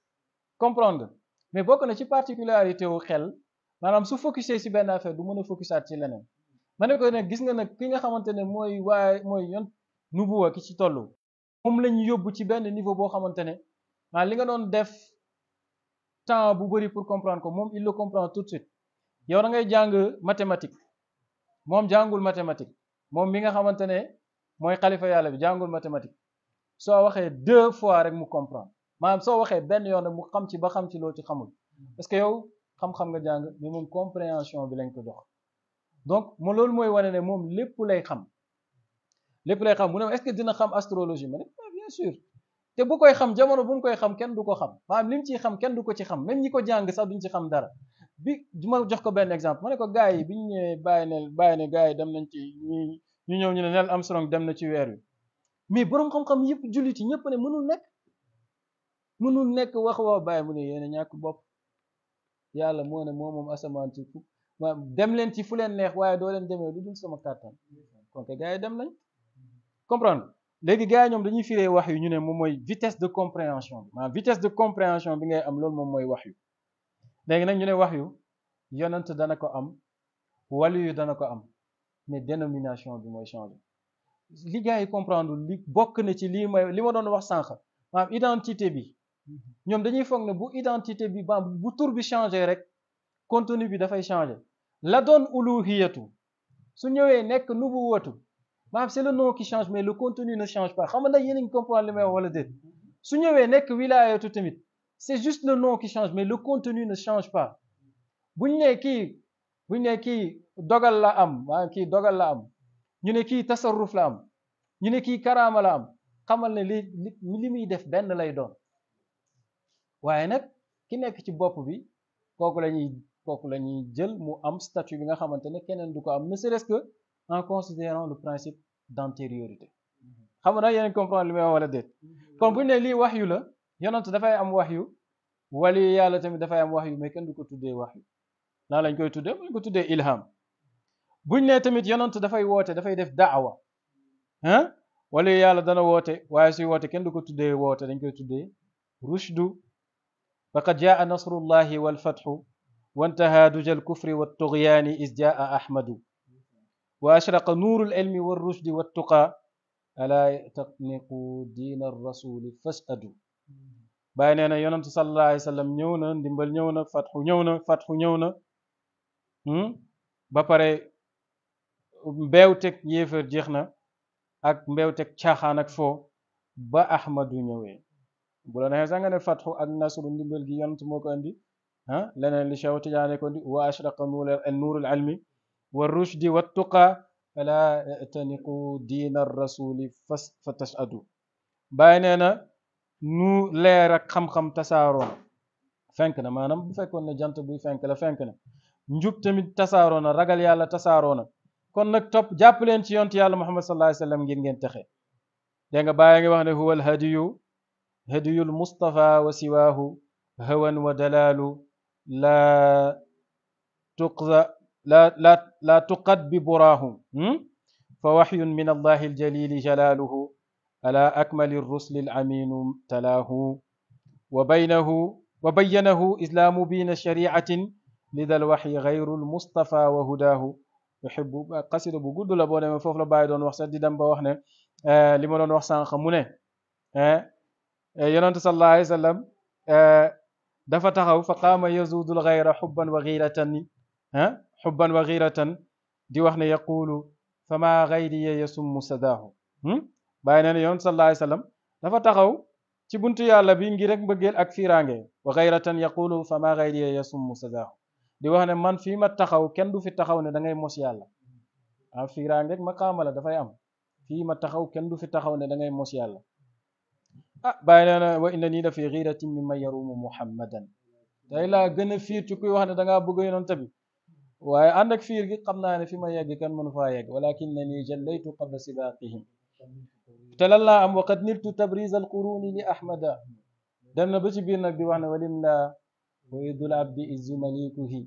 comprendre mais bokk na ci particularité wu xel maanaam su focusé ci benn affaire du mën a focusaat ci leneen ma ne ko nag gis nga nag ki nga xamante ne mooy waaye mooy yoon nubuwa ki ci toll moom la ñu ci benn niveau boo xamante ne maa li nga doon def temps bu bëri pour comprendre ko moom il le comprend tout de suite yow da ngay jàng mathématique moom jàngul mathématique moom mi nga xamante ne mooy xalifa yàlla bi jàngul mathématique soo waxee deux fois rek mu comprendre maanaam soo waxee benn yoon mu xam ci ba xam ci loo ci xamul parce que yow xam-xam nga jàng mais moom compréhension bi lañ ko donc mo loolu mooy wane ne moom lépp lay xam lay xam ne est-ce que dina xam astrologie ah, bien sûr te bu koy xam jamono bu mu koy xam kenn du ko xam lim xam ci xam même ñi ko sax duñ ci xam dara exemple ma ne ko gars bi ñu ñëwee bàyyi ne bàyyi ne nañ ci ñu ñu ne dem na ci weer wi mais borom xam-xam mënul nek wax pas ne a ne dem leen ci fu neex waye do leen dul sama dem lañ comprendre gaay ñom dañuy wax yu vitesse de compréhension vitesse de compréhension bi ngay am lool mom moy wax yu nak ñu wax yu yonent am am mais dénomination bi moy changer li gars comprendre li ci li ma wax identité ñom dañuy foog ne bu identité bi ba bu tour bi changer rek contenu bi fay changer. la don uluhiyatu su ñëwee nekk nubuwatu maanaam c'est le nom qui change mais le contenu ne change pas xam nga nag ngi comprendre li may wala déet su ñëwee nek tamit c'est juste le nom qui change mais le contenu ne change pas buñ né ki buñ né ki dogal la am maanaam dogal la am ñu né ki tasarruf la am ñu né ki karama la am xamal ne li li def ben lay doon waaye nag ki nekk ci bopp bi kooku lañuy ñuy kooku jël mu am statut bi nga xamante ne keneen du ko am ne serait que en considérant le principe d'antériorité xam nga yéen comprendre li wala déet kon bu ne lii wax yu la yonent dafay am wax yu wali yàlla tamit dafay am wax yu mais kenn du ko tuddee wax yu lan lañ koy tuddee buñ ko tuddee ilham buñ ne tamit yonent dafay woote dafay def daawa ah wali yàlla dana woote waaye suy woote kenn du ko tuddee woote dañ koy tuddee فقد جاء نصر الله والفتح وانتهى دج الكفر والطغيان إذ جاء أحمد وأشرق نور العلم والرشد والتقى ألا تقنقوا دين الرسول فاسأدوا بيننا يونس صلى الله عليه وسلم نيونا دمبل نيونا فتح نيونا فتح نيونا هم بفر بيوتك يفر جيخنا أك بيوتك شاخانك فو با أحمد نيوين bu la neexee sax nga ne fatxu ak nasru ndimbal gi yonent moo ko andi ah leneen li Cheikh Tidiane ko andi wa ashraqa nuurul almi wa rushdi wa tuqa fala taniqu diina rasuli fas fa tashadu bàyyi nee na nu leer ak xam-xam tasaaroona fenk na maanaam bu fekkoon ne jant buy fenk la fenk na njub tamit tasaaroona ragal yàlla tasaaroona kon nag topp jàpp leen ci yonent yàlla Muhammad sallallahu alayhi wa sallam ngir ngeen texe dégg nga bàyyi nga wax ne huwa alhadiyu هدي المصطفى وسواه هوى ودلال لا تقضى لا لا لا تقد ببراه فوحي من الله الجليل جلاله على أكمل الرسل الأمين تلاه وبينه وبينه إسلام بين شريعة لذا الوحي غير المصطفى وهداه يحب قصيدة بجد لبونه فوف لبايدون وحسد دم بوحنا آه، لما لون وحسان خمونه آه، Eh, yonentu sallallahu alayhi wa eh, dafa taxaw fa qaama yazudul xayra xubban wa xiiratan ni ah xubban wa xiiratan di wax ne yaqulu fama xayriya yasummu sadaahu hmm? bàyyi nee na yonentu sallallahu alayhi wa sallam dafa taxaw ci buntu yàlla bi ngir rek mbëggeel ak fiiraange wa xayratan yaqulu fama xayriya yasummu sadaahu di wax ne man fii ma taxaw kenn du fi taxaw ne da ngay mos yàlla ah fiiraange ak maqaama dafay am fii ma taxaw kenn du fi taxaw ne da ngay mos ah bàyyi nee na wa inna nii la fi xiiratin mi ma yarumu muhammadan tey laa gën a fiir ci kuy wax ne dangaa bëgg yonent bi waaye ànd ak fiir gi xam naa ne fi ma yegg kan mënu faa yegg walakin na nii jallaytu qabla sibaqihim te lan laa am waqad niltu tabriz alquruni li ahmada dem na ba ci biir nag di wax na walim la wa idul abdi izu malikuhi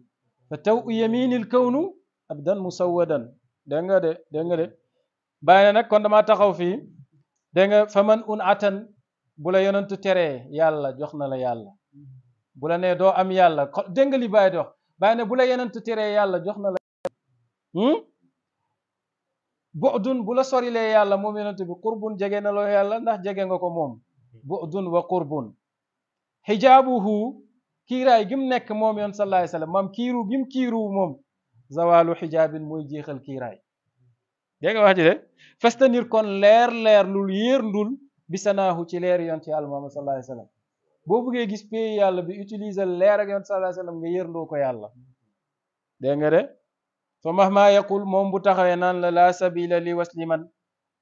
fa taw u yamini lkawnu abdan musawadan dégg nga de dégg nga de bàyyi nag kon dama taxaw fii dégg nga fa man un atan bu la yonentu teree yàlla jox na la yàlla bu la nee doo am yàlla dégg nga li bàyyi dox bàyyi ne bu la yonentu teree yàlla jox na la hmm? bu'dun bu la sorilee yàlla moom yonentu bi qurbun jege na loo yàlla ndax jege nga ko moom bu'dun wa qurbun xijaabuhu kiiraay gim nekk moom yoon sallallahu alayhi wasallam maam kiiru gim kiiru moom zawaalu xijaabin mooy jeexal kiiraay dégg nga wax ji de festanir kon leer leer lul yéer ndul bisanaahu ci leer yonti yàlla Muhammad a alayhi wa boo bëggee gis pay yàlla bi utiliser leer ak yonti sallallahu alayhi wa sallam nga ko yàlla dégg nga de fa mahma yaqul moom bu taxawee naan la laa sabila li wasliman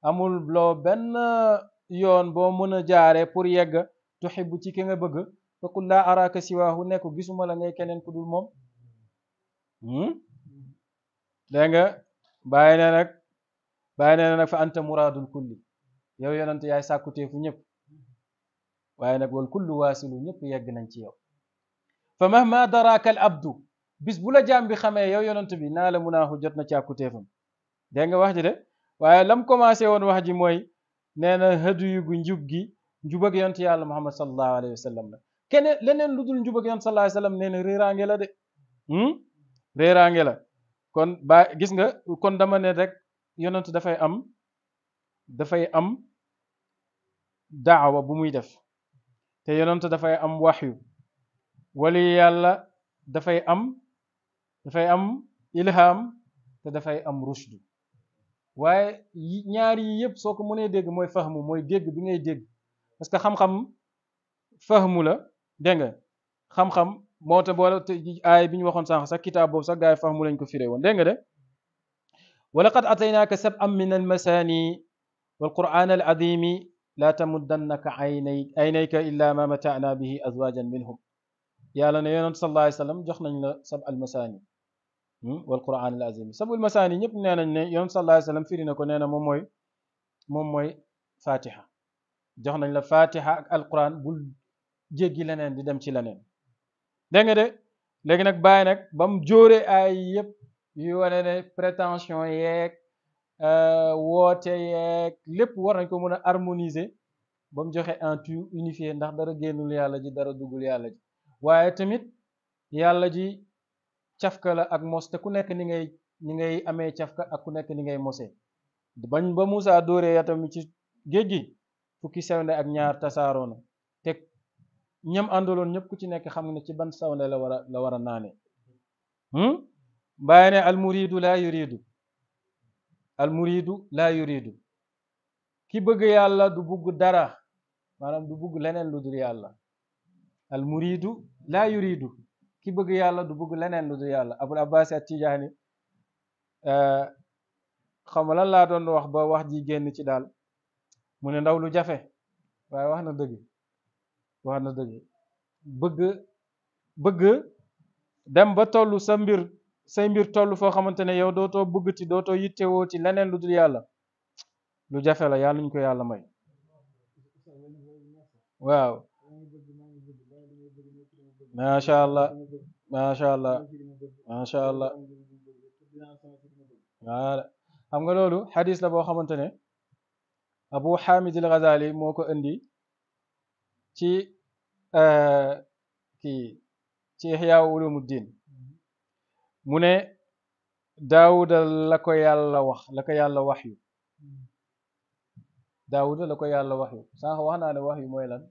amul loo benn yoon boo mën a jaaree pour yegg tuxibu ci ki nga bëgg fakul laa araka siwaahu nekk gisuma la ngay keneen ku moom hmm? dégg nga bàyyi ne nag bàyyi ne nag fa anta muraadul kulli yow yonent yaay sàkkuteefu ñëpp waaye nag wal kullu waasilu ñëpp yegg nañ ci yow fa mahma daraaka al abdu bis bu la jaam xamee yow yonent bi naa la munaahu jot na càkkuteefam dégg nga wax ji de waaye lam commencé woon wax ji mooy nee na hadiyu gu njub gi njub ak yonent yàlla muhammad sallallahu alayhi wa sallam la kene leneen lu dul njub ak yonent sallallahu wa sallam nee na réeraange la de hmm? réeraange la kon ba gis nga kon dama ne rek yonent dafay am dafay am daawa bu muy def te yonent dafay am waxyu wali yàlla dafay am dafay am ilham te dafay am rushdu waaye ñaar yi yëpp soo ko mënee dégg mooy fahmu mooy dégg bi ngay dégg parce que xam-xam fahmu la dégg nga xam-xam moo te boole te aay bi ñu waxoon sànq sax kitaab boobu sax gaa yi fahmu lañ ko firee woon dégg nga de wala qad ataynaaka sab'an min al masaani والقرآن العظيم لا تمدنك عيني عينيك إلا ما متعنا به أزواجا منهم يا لنا نيون صلى الله عليه وسلم جخنا سبع المساني والقرآن العظيم سبع المساني نيب نانا يون صلى الله عليه وسلم فيرينا كو نانا موم موي موم موي فاتحة جخنا لا فاتحة ak القرآن بول جيغي لنين دي دم سي لنين دنگا دي لغي نك باي نك بام جوري اي ييب يو wane ne prétention yeek Euh, woote lépp war nañ ko mën a harmoniser ba mu joxe en tout unifié ndax dara génnul yàlla ji dara duggul yàlla ji waaye tamit yàlla ji cafka la ak mos te ku nekk ni ngay ni ngay amee cafka ak ku nekk ni ngay mosee bañ ba Moussa dóoree yatam ci géej gi fukki sewnde ak ñaar tasaaroo na te ñam àndaloon ñëpp ku ci nekk xam ne ci ban sawnde la war a la war a naane hmm? bàyyi ne al muridu la yuridu almuridu la yuridu ki bëgg yàlla du bugg dara maanaam du bugg leneen lu dul yàlla muridu la yuridu ki bëgg yàlla du bugg leneen lu dul yàlla abu abbas at tijaani eh, xam lan laa doon wax ba wax ji génn ci daal mu ne ndaw lu jafe wax na dëgg wax na dëgg bëgg bëgg dem ba tollu sa mbir say mbir toll foo xamante ne yow dootoo bëggati dootoo yittewoo ci leneen lu dul yàlla lu jafe la yàlla ñu ko yàlla may waaw macha allah macha allah macha allah xam nga loolu xadis la boo xamante ne abu xamid al ghazali moo ko indi ci eh, kii ci ixyaa ulumuddin Mune dawud daawuda la ko yàlla wax la ko yàlla wax yu daawuda la ko yàlla wax yu sànq ne wax yu lan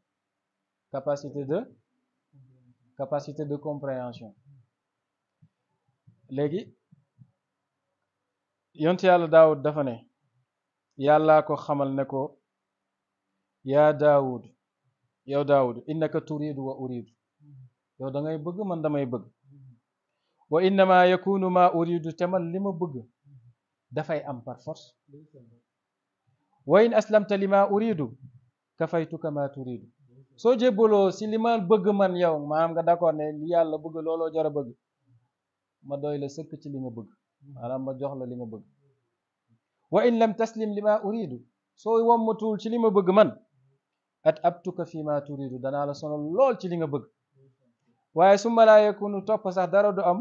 capacité de capacité de compréhension léegi yont yàlla daawud dafa ne yàllaa ko xamal ne ko yaa daawud yow daawud innaka wa uriidu yow da ngay bëgg man damay wa innama yakunu ma uridu te man li ma bëgg dafay am par force wa in aslamta li ma uridu kafaytuka ma turidu soo jébbaloo si li ma bëgg man yow maanaam nga d'accord ne li yàlla bëgg looloo jar bëgg ma doy la sëkk ci lima nga bëgg maanaam ma jox la li nga bëgg wa in lam taslim li ma uridu soo wommatul ci lima bëgg man at abtuka fi ma turidu danaa la sonal lool ci li nga bëgg waaye su ma laa yekunu topp sax dara du am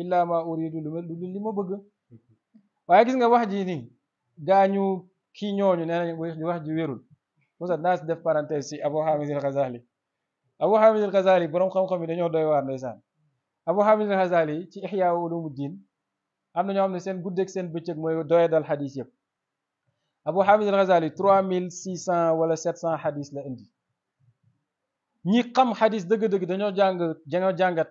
illa ma uridu lu mel du li ma bëgg waaye gis nga wax ji nii gaañu kii ñooñu nee nañu wax ji wérul Moussa naa si def parenthèse si Abu Hamid al Ghazali Abu Hamid al Ghazali borom xam-xam yi dañoo doy waar ndeysaan Abu Hamid al Ghazali ci Ihya Ulumuddin am na ñoo xam ne seen guddeeg seen bëccëg mooy doye dal xadis yëpp Abu Hamid al Ghazali 3600 wala 700 xadis la indi ñi xam xadis dëgg-dëgg dañoo jàng dañoo jàngat.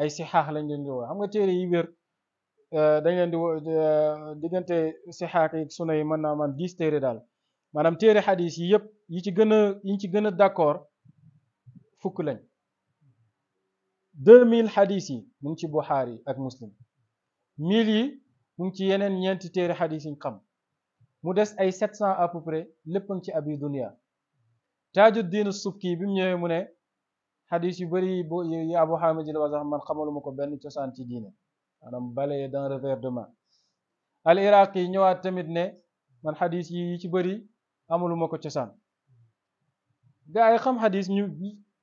ay si lañu lañ leen di woo xam nga téere yi wér eh, dañ leen di woo eh, diggante si xaax yi suna yi mën naa man diis téere daal maanaam téere xadis yi yëpp yi ci gën a yi ci gën a d'accord fukk lañ deux mille xadis yi mu ngi ci yi ak Muslim mille yi mu ngi ci yeneen ñeenti téere xadis yi xam mu des ay sept cent à peu près lépp a ngi ci abi dunia Taajuddin Subki bi mu ñëwee mu ne xadis yu bari yi boo yi Abu Hamid la wax sax man xamaluma ko benn cosaan ci diine maanaam balaye d'un revers de main al iraq yi ñëwaat tamit ne man xadis yi ci bari amaluma ko cosaan gaa yi xam xadis ñu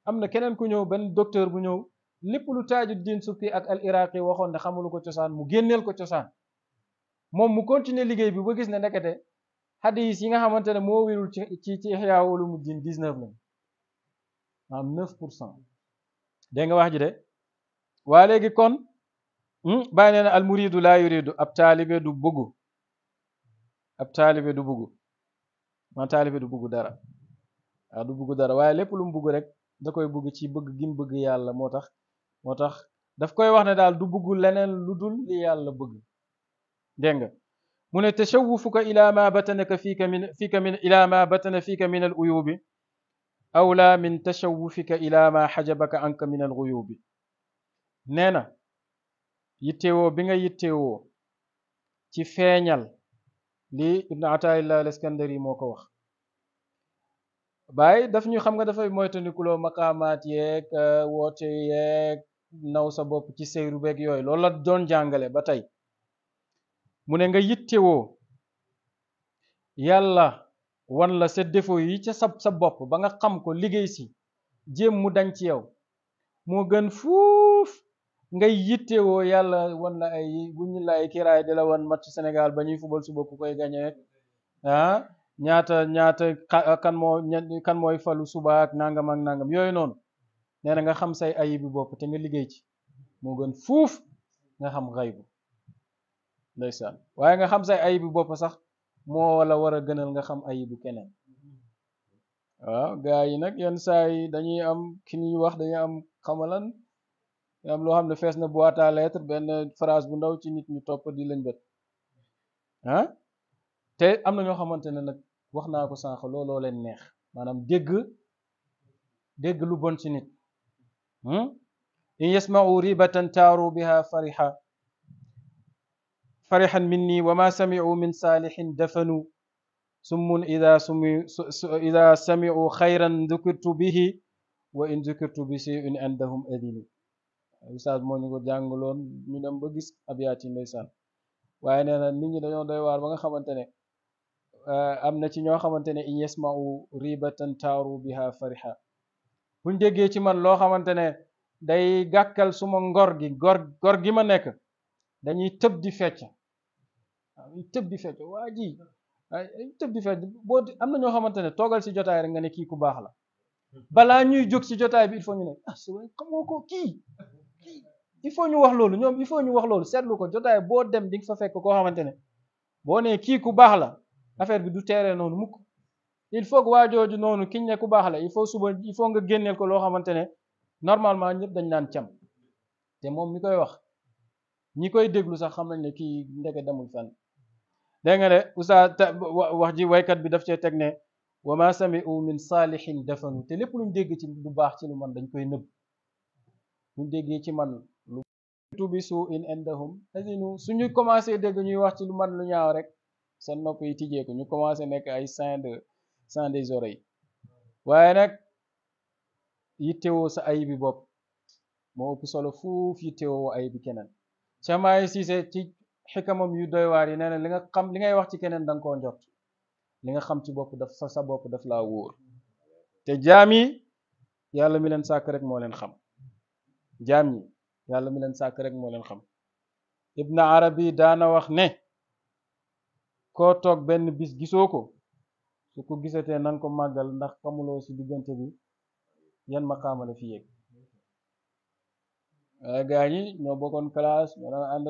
am na keneen ku ñëw benn docteur bu ñëw lépp lu taaju diin sukki ak al iraq yi waxoon ne xamalu ko cosaan mu génneel ko cosaan moom mu continue liggéey bi ba gis ne ndekete xadis yi nga xamante ne moo wérul ci ci ci Ihya Ulumuddin 19 lañ à 9 pour cent dégg nga wax ji de waa léegi kon bàyyi nee na al muridu laa yuridu ab taalibe du bëggu ab taalibe du bëggu ma taalibe du bëggu dara waaw du bëggu dara waaye lépp lu mu bëgg rek da koy bëgg ci bëgg gim bëgg yàlla moo tax moo tax daf koy wax ne daal du bëggu leneen lu dul li yàlla bëgg dégg nga mu ne tashawufuka ila ma batanaka fika min fika min ila ma batana fika min al uyubi awla min tashawufika ila ma xajabaka anka min alxuyubi nee na yittewoo bi nga yittewoo ci feeñal lii ibnu ataillah al moo ko wax bàyyi daf ñu xam nga dafay moytandikuloo maqaamaat yeeg euh, woote yeeg naw sa bopp ci seyru beeg yooyu loolu la doon jàngale ba tey mu ne nga yittewoo yàlla wan la sa défaut yi ca sa sa bopp ba nga xam ko liggéey si jéem mu dañ ci yow moo gën fuuf ngay yittewoo yàlla wan la ay bu ñu ay kiraay di la wan mat Sénégal ba ñuy fubal suba ku koy gañe ah ñaata ñaata kan kan mooy falu suba ak nangam ak nangam yooyu noonu nee nga xam say ayibi bopp te nga liggéey ci moo gën fuuf nga xam xaybu waaye nga xam say ayibi bopp sax moo wala war a gënal nga xam ayibu keneen waaw gaa yi nag yenn saa yi dañuy am ki ñuy wax dañuy am xamalan am loo xam ne fees na boîte à lettre benn phrase bu ndaw ci nit ñu topp di lañ bët ah te am na ñoo xamante ne nag wax naa ko sànq looloo leen neex maanaam dégg dégg lu bon ci nit hmm? in yasmau ribatan taaru biha fariha farixan minni wa ma samicu min saalixin dafanu summun ida sumi ida samicu xayran dukirtu bihi wa in dukirtu bi shay'in indahum adini ustaas moo ñu ko jàngaloon ñu dem ba gis abiyaat yi ndeysaan waaye nee na nit ñi dañoo doy waar ba nga xamante ne eh, am na ci ñoo xamante ne in yasmau ribatan taaru biha fariha buñ déggee ci man loo xamante ne day gàkkal suma ngor gi gi ma nekk dañuy tëb di fecc waaw ñu tëb waa ji ay tëb di boo am na ñoo xamante ne toogal si jotaay rek nga ne kii ku baax la balaa ñuy jóg si jotaay bi il faut ñu ne ah, ko kii kii ñu wax loolu ñoom il faut ñu wax loolu seetlu ko jotaay boo dem di nga fa fekk koo xamante ne boo nee kii ku baax la affaire bi du teeree noonu mukk il faut que waa jooju noonu kiñ ne ku baax la il faut suba il nga génneel ko loo xamante ne normalement ñëpp dañ naan cam te moom mi koy wax ñi koy déglu sax xam nañ ne kii ndeke demul fenn dégg nga ne oustaz wax ji waykat bi daf cee teg ne wa ma sami'u min saalihin defanu te lépp luñ dégg ci lu baax ci lu man dañ koy nëb luñ déggee ci man lu tubi su in indahum commencé dégg ñuy wax ci lu man lu ñaaw rek seen nopp yi tijjee ko ñu commencé nekk ay saint de saint des yi waaye nag yittewoo sa ayibi bopp moo ëpp solo fuuf yittewoo ayibi keneen Cheikh Mahi Cissé ci xikamam yu doy waar yi nee na li nga xam li ngay wax ci keneen da nga koo njot li nga xam ci bopp daf sa sa bopp daf laa wóor te jaam yi yàlla mi leen sàkk rek moo leen xam jaam yi yàlla mi leen sàkk rek moo leen xam Ibn Arabi daana wax ne koo toog benn bis gisoo ko su ko gisatee nan ko màggal ndax xamuloo si diggante bi yan maqaama la fi yéeg gaa ñi ñoo bokkoon classe ñoo daan ànd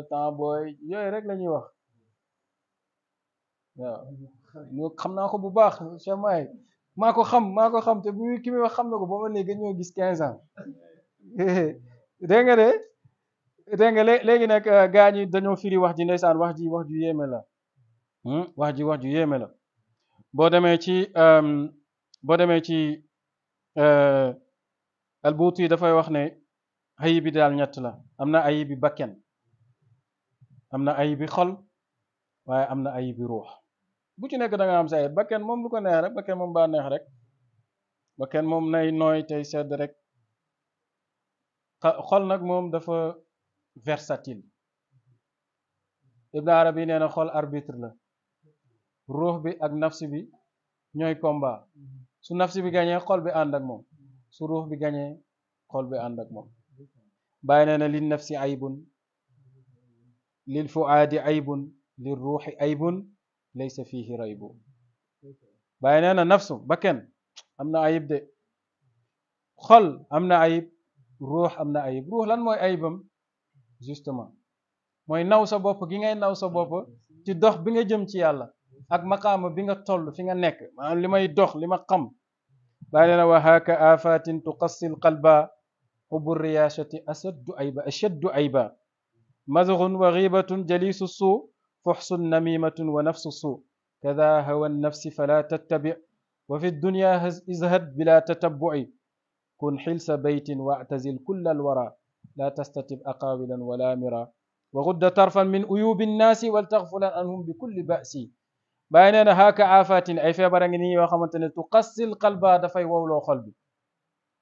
yooyu rek lañuy wax waaw ñu xam naa ko bu baax Cheikh maa ko xam maa ko xam te bu ki muy wax xam na ko ba ma léegi ñoo gis quinze ans dégg nga de dégg léegi nag euh, gaa ñi dañoo firi wax ji ndeysaan wax ji wax ju yéeme la hmm? wax ji wax ju yéeme la boo demee ci euh, boo demee ci euh, albuuti dafay wax ne ayib bi dal ñett la amna ayib bi bakken amna ayib bi xol waye amna ayib bi ruh bu ci nek da nga am say bakken mom lu ko neex rek bakken mom ba neex rek bakken mom nay noy tay sedd rek xol nak mom dafa versatile Ibn Arabi neena xol arbitre la ruh bi ak nafsi bi ñoy combat su nafsi bi gagne xol bi ànd ak mom su ruh bi gagne xol bi ànd ak mom بايننا للنفس عيب للفؤاد عيب للروح عيب ليس فيه ريب بايننا نفسه بكن أمنا عيب دي خل أمنا عيب روح أمنا عيب روح لن موي عيبم justement mooy naw sa bopp gi ngay naw sa bopp ci dox bi nga jëm ci yàlla ak maqaama bi nga toll fi nga nekk maanaam li may dox li ma xam bàyyi na wa haaka afatin tuqassi alqalba حب الرياشة أسد أيبا أشد أيبا مزغ وغيبة جليس السوء فحص نميمة ونفس السوء كذا هوى النفس فلا تتبع وفي الدنيا ازهد بلا تتبع كن حلس بيت واعتزل كل الورى لا تستتب أقابلا ولا مرا وغد طرفا من أيوب الناس ولتغفل عنهم بكل بأس بايننا هاك عافات أي في برنجني وخمتني تقسي القلب دفي وولو قلبي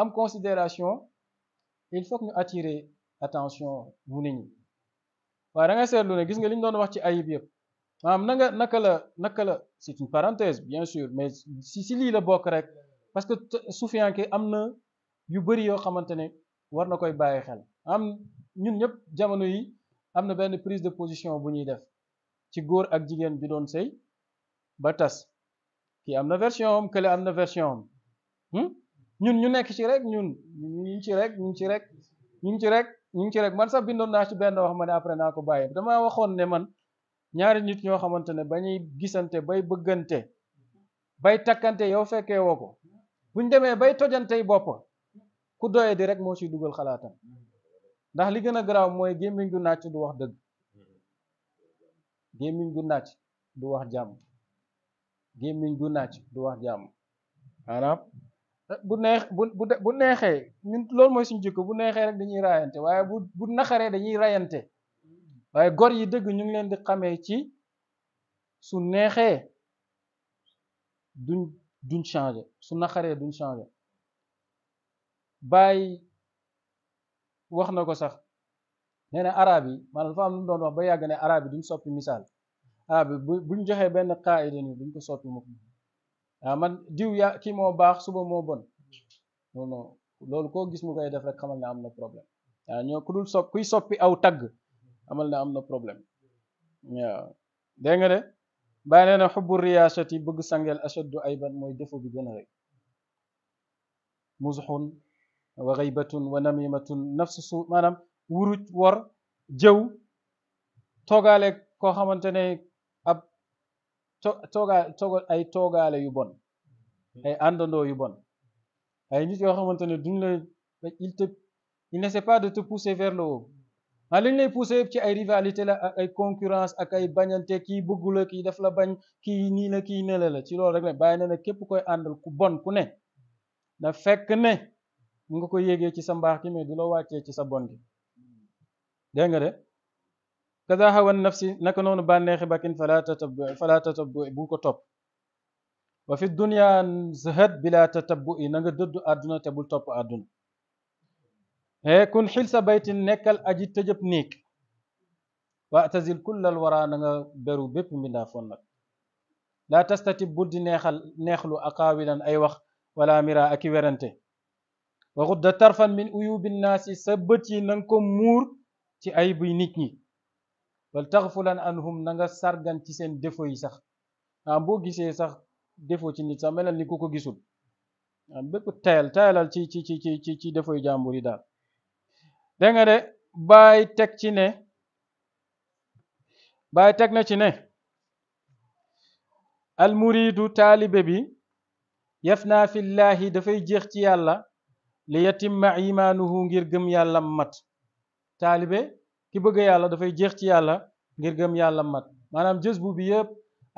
En considération il faut que nous attirer attention mu nit Wa da nga seetlu ne gis nga liñ doon wax ci ayib na nga naka la c'est une parenthèse bien sûr mais si si li la bok rek parce que Soufiane ke amna yu bëri yo xamantene war na koy xel am ñun ñep jamono yi am na benn prise de position bu ñuy def ci góor ak jigen bi doon sey ba tass ki am version am am version hmm ñun ñu nekk ci rek ñun ñu ngi ci rek ñu ci rek ñu ngi ci rek ñu ngi ci rek man sax bindoon naa ci benn wax ma ne après naa ko bàyyi damaa waxoon ne man ñaari nit ñoo xamante ne ba ñuy gisante bay bëggante bay takkante yow fekkee woo ko buñ demee bay tojantey bopp ku doye di rek moo ciy dugal xalaatam ndax li gën a garaaw mooy gémmiñ gu nàcc du wax dëgg gémmiñ gu nàcc du wax jàmm gémmiñ gu nàcc du wax jàmm maanaam bu neex bu bu neexee ñun loolu mooy suñ jikko bu neexee rek dañuy rayante waaye bu bu naxaree dañuy rayante waaye gor yi dëgg ñu ngi leen di xamee ci su neexee duñ duñ changé su naxaree duñ changé bàyyi wax na ko sax nee na arab yi maanaam dafa am lu doon wax ba yàgg ne arab yi duñ soppi misaal arab yi bu buñ joxee benn qaayida ni duñ ko soppi mukk ah man diw ya kii moo baax suba moo bon non non loolu koo gis mu koy def rek xamal na am na problème waaw ah, ñoo ku dul kuy soppi aw tagg xamal na am na problème waaw dégg nga de bàyyi nee na xubbu riyaasati bëgg sangel ashaddu ayban mooy defo bi gën a rek musxun wa xaybatun wa namimatun nafsu su maanaam wuruj wor jëw toogaaleeg koo xamante to toogaa tooga ay toogaale yu bon hmm. ay àndandoo yu bon ay nit yoo xamante ne duñ la il te il n'essaie pas de te pousser vers le haut ah li lay pousser ci ay rivalité la ak ay concurrence ak ay bañante kii bëggu la kii daf la bañ kii nii la kii nele la ci loolu rek la bàyyi na ne képp koy àndal ku bon ku ne na fekk ne mu nga ko yégee ci sa mbaax gi mais du la wàccee ci sa bon gi dégg nga de كذا هو النفس نكنون بان نخي باكين فلا تتبع فلا تتبع بوكو توب وفي الدنيا زهد بلا تتبع نغ ادنا تبول توب ادنا هي كون حلس بيت نكال اجي تجب نيك واعتزل كل الورى نغ برو بيب من فن لا تستتي بود نخل نخلو اقاولا اي وخ ولا مرا اكي ورنتي وغد ترفا من عيوب الناس سبتي نكم مور تي عيب نيت wal taxfulan anhum na nga sargan ci seen défaut yi sax ah boo gisee sax défaut ci nit sax melal ni ku ko gisul ah bépp tayal tayalal ci ci ci ci ci ci défaut yu jàmbur yi daal danga nga de bàyyi teg ci ne bàyyi teg na ci ne almuridu taalibe bi yaf naa fillaahi dafay jeex ci yàlla li yatimma imaanuhu ngir gëm yàlla mat taalibe ki bëgg yàlla dafay jeex ci yàlla ngir gëm yàlla mat maanaam jës bu bi yëpp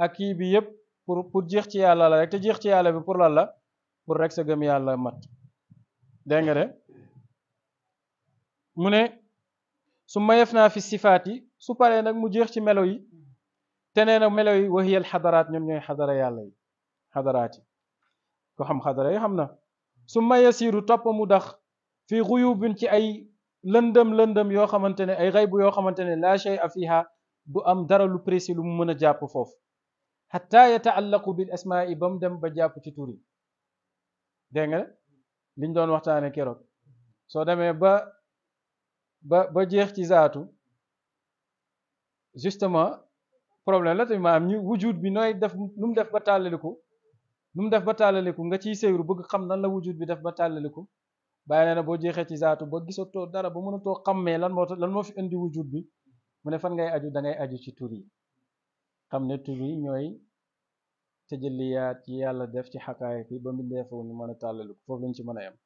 ak kii bi yëpp pour pour jeex ci yàlla la rek te jeex ci yàlla bi pour lan la pour rek sa gëm yàlla mat dégg nga de mu ne su mayef naa fi sifaat yi su paree nag mu jeex ci melo yi te nee na melo yi waxiyal xadaraat ñoom ñooy xadara yàlla yi xadaraat yi ko xam xadara yi xam na su maya topp mu dax ci ay lëndëm lëndëm yo xamantene ay ghaibu yo xamantene la shay afiha du am dara lu précis lu mu mën jàpp fof hatta yataallaqu bil asma'i bam dem ba jàpp ci tur de nga liñ doon waxtane kérok so demé ba ba ba jeex ci zaatu justement problème la tamit am ñu wujud bi noy def nu mu def ba tàllaliku nu mu def ba tàllaliku nga ci séyru bëgg xam nan la wujud bi def ba tàllaliku bàyyi nee na boo jeexee ci zaatu ba gisatoo dara ba mënatoo xammee lan moo lan moo fi indi wujud bi mu ne fan ngay aju da aju ci tur yi xam ne tur yi ñooy tëjëliyaat ci yàlla def ci xaqaayik yi ba mbindeefu ñu mën a tàllali ko foofu lañ ci mën a yem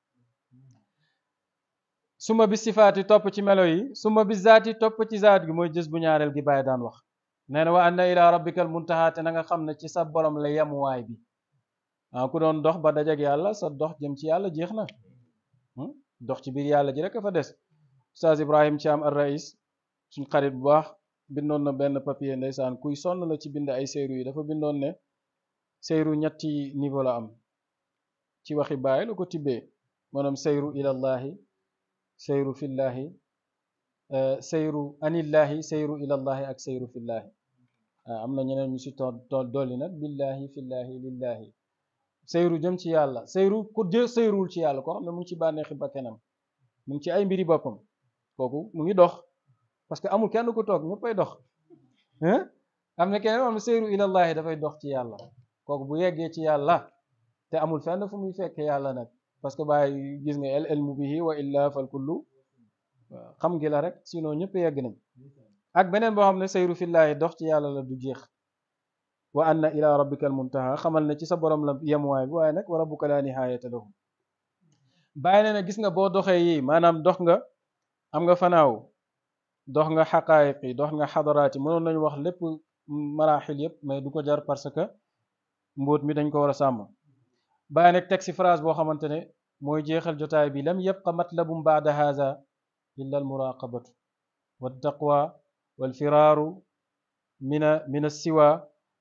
suma bi sifaat yi topp ci melo yi suma bi zaat yi topp ci zaat bi mooy jës bu ñaareel gi bàyyi daan wax nee na wa anna ilaa rabbikal muntahaa te na nga xam ne ci sa borom la yemuwaay bi ah ku doon dox ba dajak yàlla sa dox jëm ci yàlla jeex na dox ci biir yàlla ji rek fa des Oustaz Ibrahim ci am rais suñ xarit bu baax bindoon na benn papier ndeysaan kuy sonn la ci bind ay seyru yi dafa bindoon ne seyru ñetti niveau la am ci waxi bàyyi la ko tibbee maanaam seyru ilallahi seyru fillahi eh, seyru anillahi seyru ilallahi ak seyru fillahi ah, am na ñeneen ñu si tool tool dolli nag billahi fillahi lillahi sëyru jëm ci yàlla sëyru ku jë sëyruwul ci yàlla koo xam ne mu ci bànneexi bakkanam mu ngi ci ay mbiri boppam kooku mu ngi dox parce que amul kenn ku toog ñëppay dox am na kenn am sëyru ilallahi dafay dox ci yàlla kooku bu yeggee ci yàlla te amul fenn fu muy fekk yàlla nag parce que baay gis nga el elmu bihi wa illa fal kullu xam ngi la rek sinon ñëpp yegg nañ ak beneen boo xam ne sëyru fillahi dox ci yàlla la du jeex وأن إلى ربك المنتهى خمل نتي سبر أم لم يم واي وربك لا نهاية له باين أنا جسنا بو دخي ما نام دخنا أم غفناو دخنا حقائقي دخنا حضراتي منو نج وح لب مراحل يب ما يدوك جار برسك مبوت ميدن كورا سامو باين أك تكسي فراز بو خمل تني موي جيخل جتاي بي لم يبقى مطلب بعد هذا إلا المراقبة والتقوى والفرار من من السوى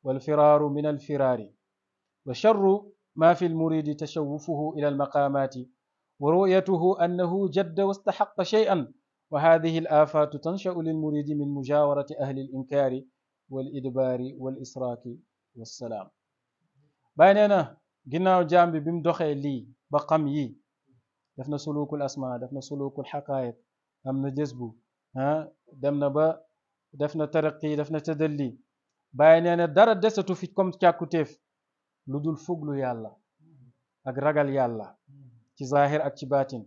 والفرار من الفرار وشر ما في المريد تشوفه إلى المقامات ورؤيته أنه جد واستحق شيئا وهذه الآفات تنشأ للمريد من مجاورة أهل الإنكار والإدبار والإسراك والسلام بايننا ginnaaw jaam bi bi mu doxee lii ba دفنا سلوك def na sulukul asma def na sulukul xaqaayiq am na jës bu ah bàyyi nee na dara desatu fi comme càkkutéef lu dul fuglu yàlla ak ragal yàlla ci zaahir ak ci baatin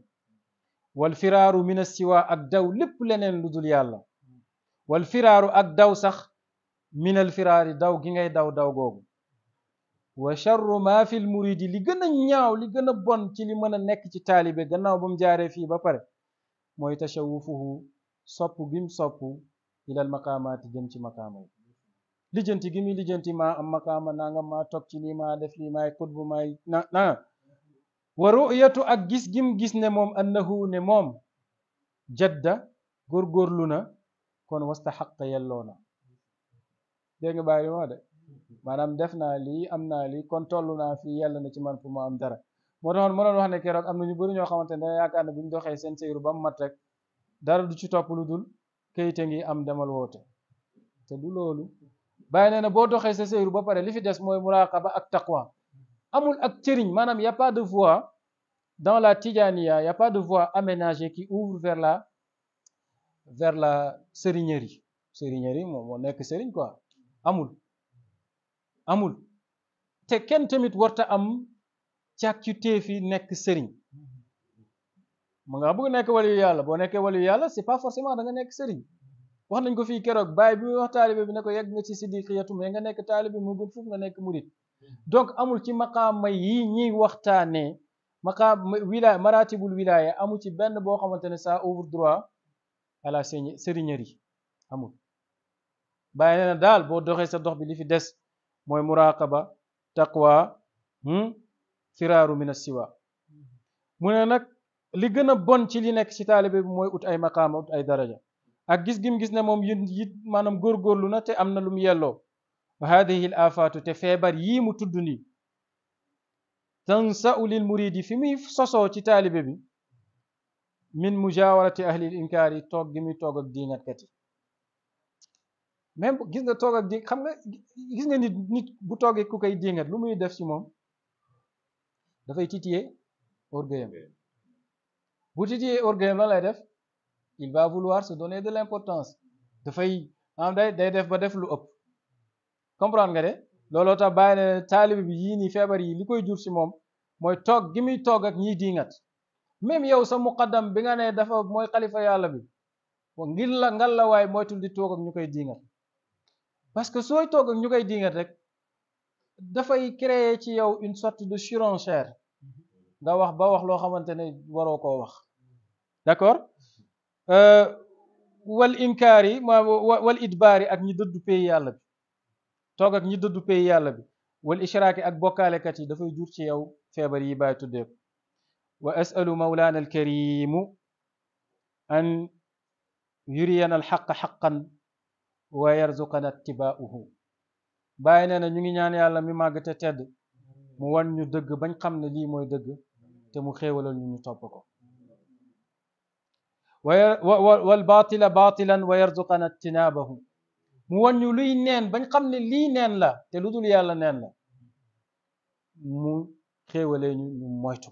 wal firaaru mina siwa ak daw lépp leneen lu dul yàlla wal firaaru ak daw sax minal firaari daw gi ngay daw daw googu wa charru maa fil muridi li gën a ñaaw li gën bon ci li mën a nekk ci taalibe gannaaw ba mu jaaree fii ba pare mooy tashawufuhu sopp gim sopp ilal maqaamaati jëm ci maqaama lijjanti gi muy lijjanti maa am makaama nanga maa toog ci nii maa def lii maay kutbu maay na naa wa ru'yatu ak gis gim gis ne moom annahu ne moom jadda góorgóorlu na kon wastaxaqa yelloo na dégg nga bàyyi moo de maanaam def naa lii am naa lii kon toll naa fi yàlla na ci man pour mu am dara moo taxoon ma doon wax ne keroog am na ñu bëri ñoo xamante ne yaakaar ne bu ñu doxee seen seyru ba mu mat rek dara du ci topp lu dul kayite ngi am demal woote te du loolu bàyyi na boo doxee sa seyru ba paré li fi des muraqaba ak taqwa amul ak cëriñ manam y a pas de voie dans la Tijaniya y a pas de voie aménagée qui ouvre vers la vers la serignerie serignerie mo moo nek sëriñ quoi amul amul te ken tamit warta am càkkutee fi nek serign mu nga bëgg nek waliyu yalla bo nekkee waliyu yalla c'est pas forcément da nga nek serign wax nañ ko fii keroog bàyyi bi muy wax taalibe bi ne ko yegg nga ci siddiqiyatu mais nga nekk taalibe mu gën foofu nga nekk murit donc amul ci maqaama yi ñuy waxtaanee maqaam wilaya maratibul wilaya amul ci benn boo xamante ne ça ouvre droit à la seigneurie amul bàyyi nee na daal boo doxee sa dox bi li fi des mooy muraqaba taqwa firaaru mina siwa mu ne nag li gën a bon ci li nekk ci taalibe bi mooy ut ay maqaama ut ay daraja ak gis gim gis na moom yit maanaam góorgóorlu na te am na lu mu yelloo wa haadihi l afaatu te feebar yii mu tudd nii tansau lil muridi fi muy sosoo ci taalibe bi min mujawarati ahlil inkaar yi toog gi muy toog ak diinatkat yi même gis nga toog ak gis nga nit nit bu toogee ku koy diingat lu muy def ci moom dafay titiyee orgueillam bu titiyee orgueillam lan lay def il va vouloir se donner de l'importance dafay am day day def ba def lu ëpp comprendre nga de looloo tax bàyyi ne taalibe bi yii nii feebar yi li koy jur si moom mooy toog gi muy toog ak ñiy diingat même yow sa muqaddam bi nga ne dafa mooy xalifa yàlla bi ngir la ngal la waay moytul di toog ak ñu koy diingat parce que sooy toog ak ñu koy diingat rek dafay créer ci yow une sorte de surenchère nga wax ba wax loo xamante ne waroo koo wax d'accord Euh, wal inkaar wal idbaar ak ñi dëddu pay yàlla bi toog ak ñi dëddu pay yàlla bi wal ishraaki ak bokkaalekat yi dafay jur ci yow feebar yi bàyyi tuddeeku wa asalu mawlaana alkarimu an yuriyana alxaqa xaqan wa yarzuqana ittibaahu bàyyi nee na ñu ngi ñaan yàlla mi màgg te tedd mu wan ñu dëgg bañ xam ne lii mooy dëgg te mu xéewalal ñu ñu topp والباطل باطلا ويرزقنا اجتنابه مو ون يولي نين بن خمن لي نين لا تلودو لي يالا نين لا مو خيولي مويتو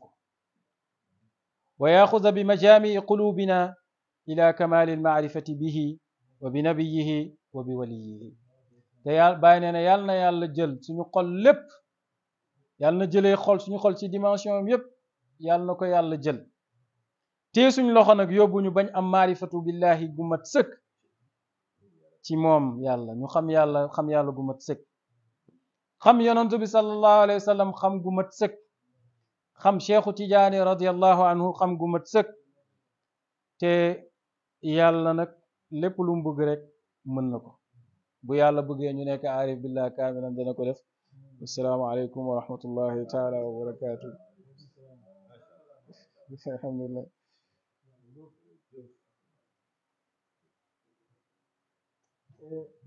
وياخذ بمجامع قلوبنا الى كمال المعرفه به وبنبيه وبوليه ديال باينينا يالنا يالا جيل سونو خول ليب يالنا جيلي خول سونو خول سي ديمونسيون ييب يالنا كو يالا جيل tee suñ loxo nag yóbbuñu bañ am maarifatu billahi gu mat sëkk ci moom yàlla ñu xam yàlla xam yàlla gu mat sëkk xam yonantu bi sallallahu alayhi wa xam gu mat sëkk xam cheikhu tijaani radiallahu anhu xam gu mat sëkk te yàlla nag lépp lu mu bëgg rek mën na ko bu yàlla bëggee ñu nekk aarif billah kaamilan dana ko def assalaamu aleykum wa rahmatullahi taala wa barakatuh or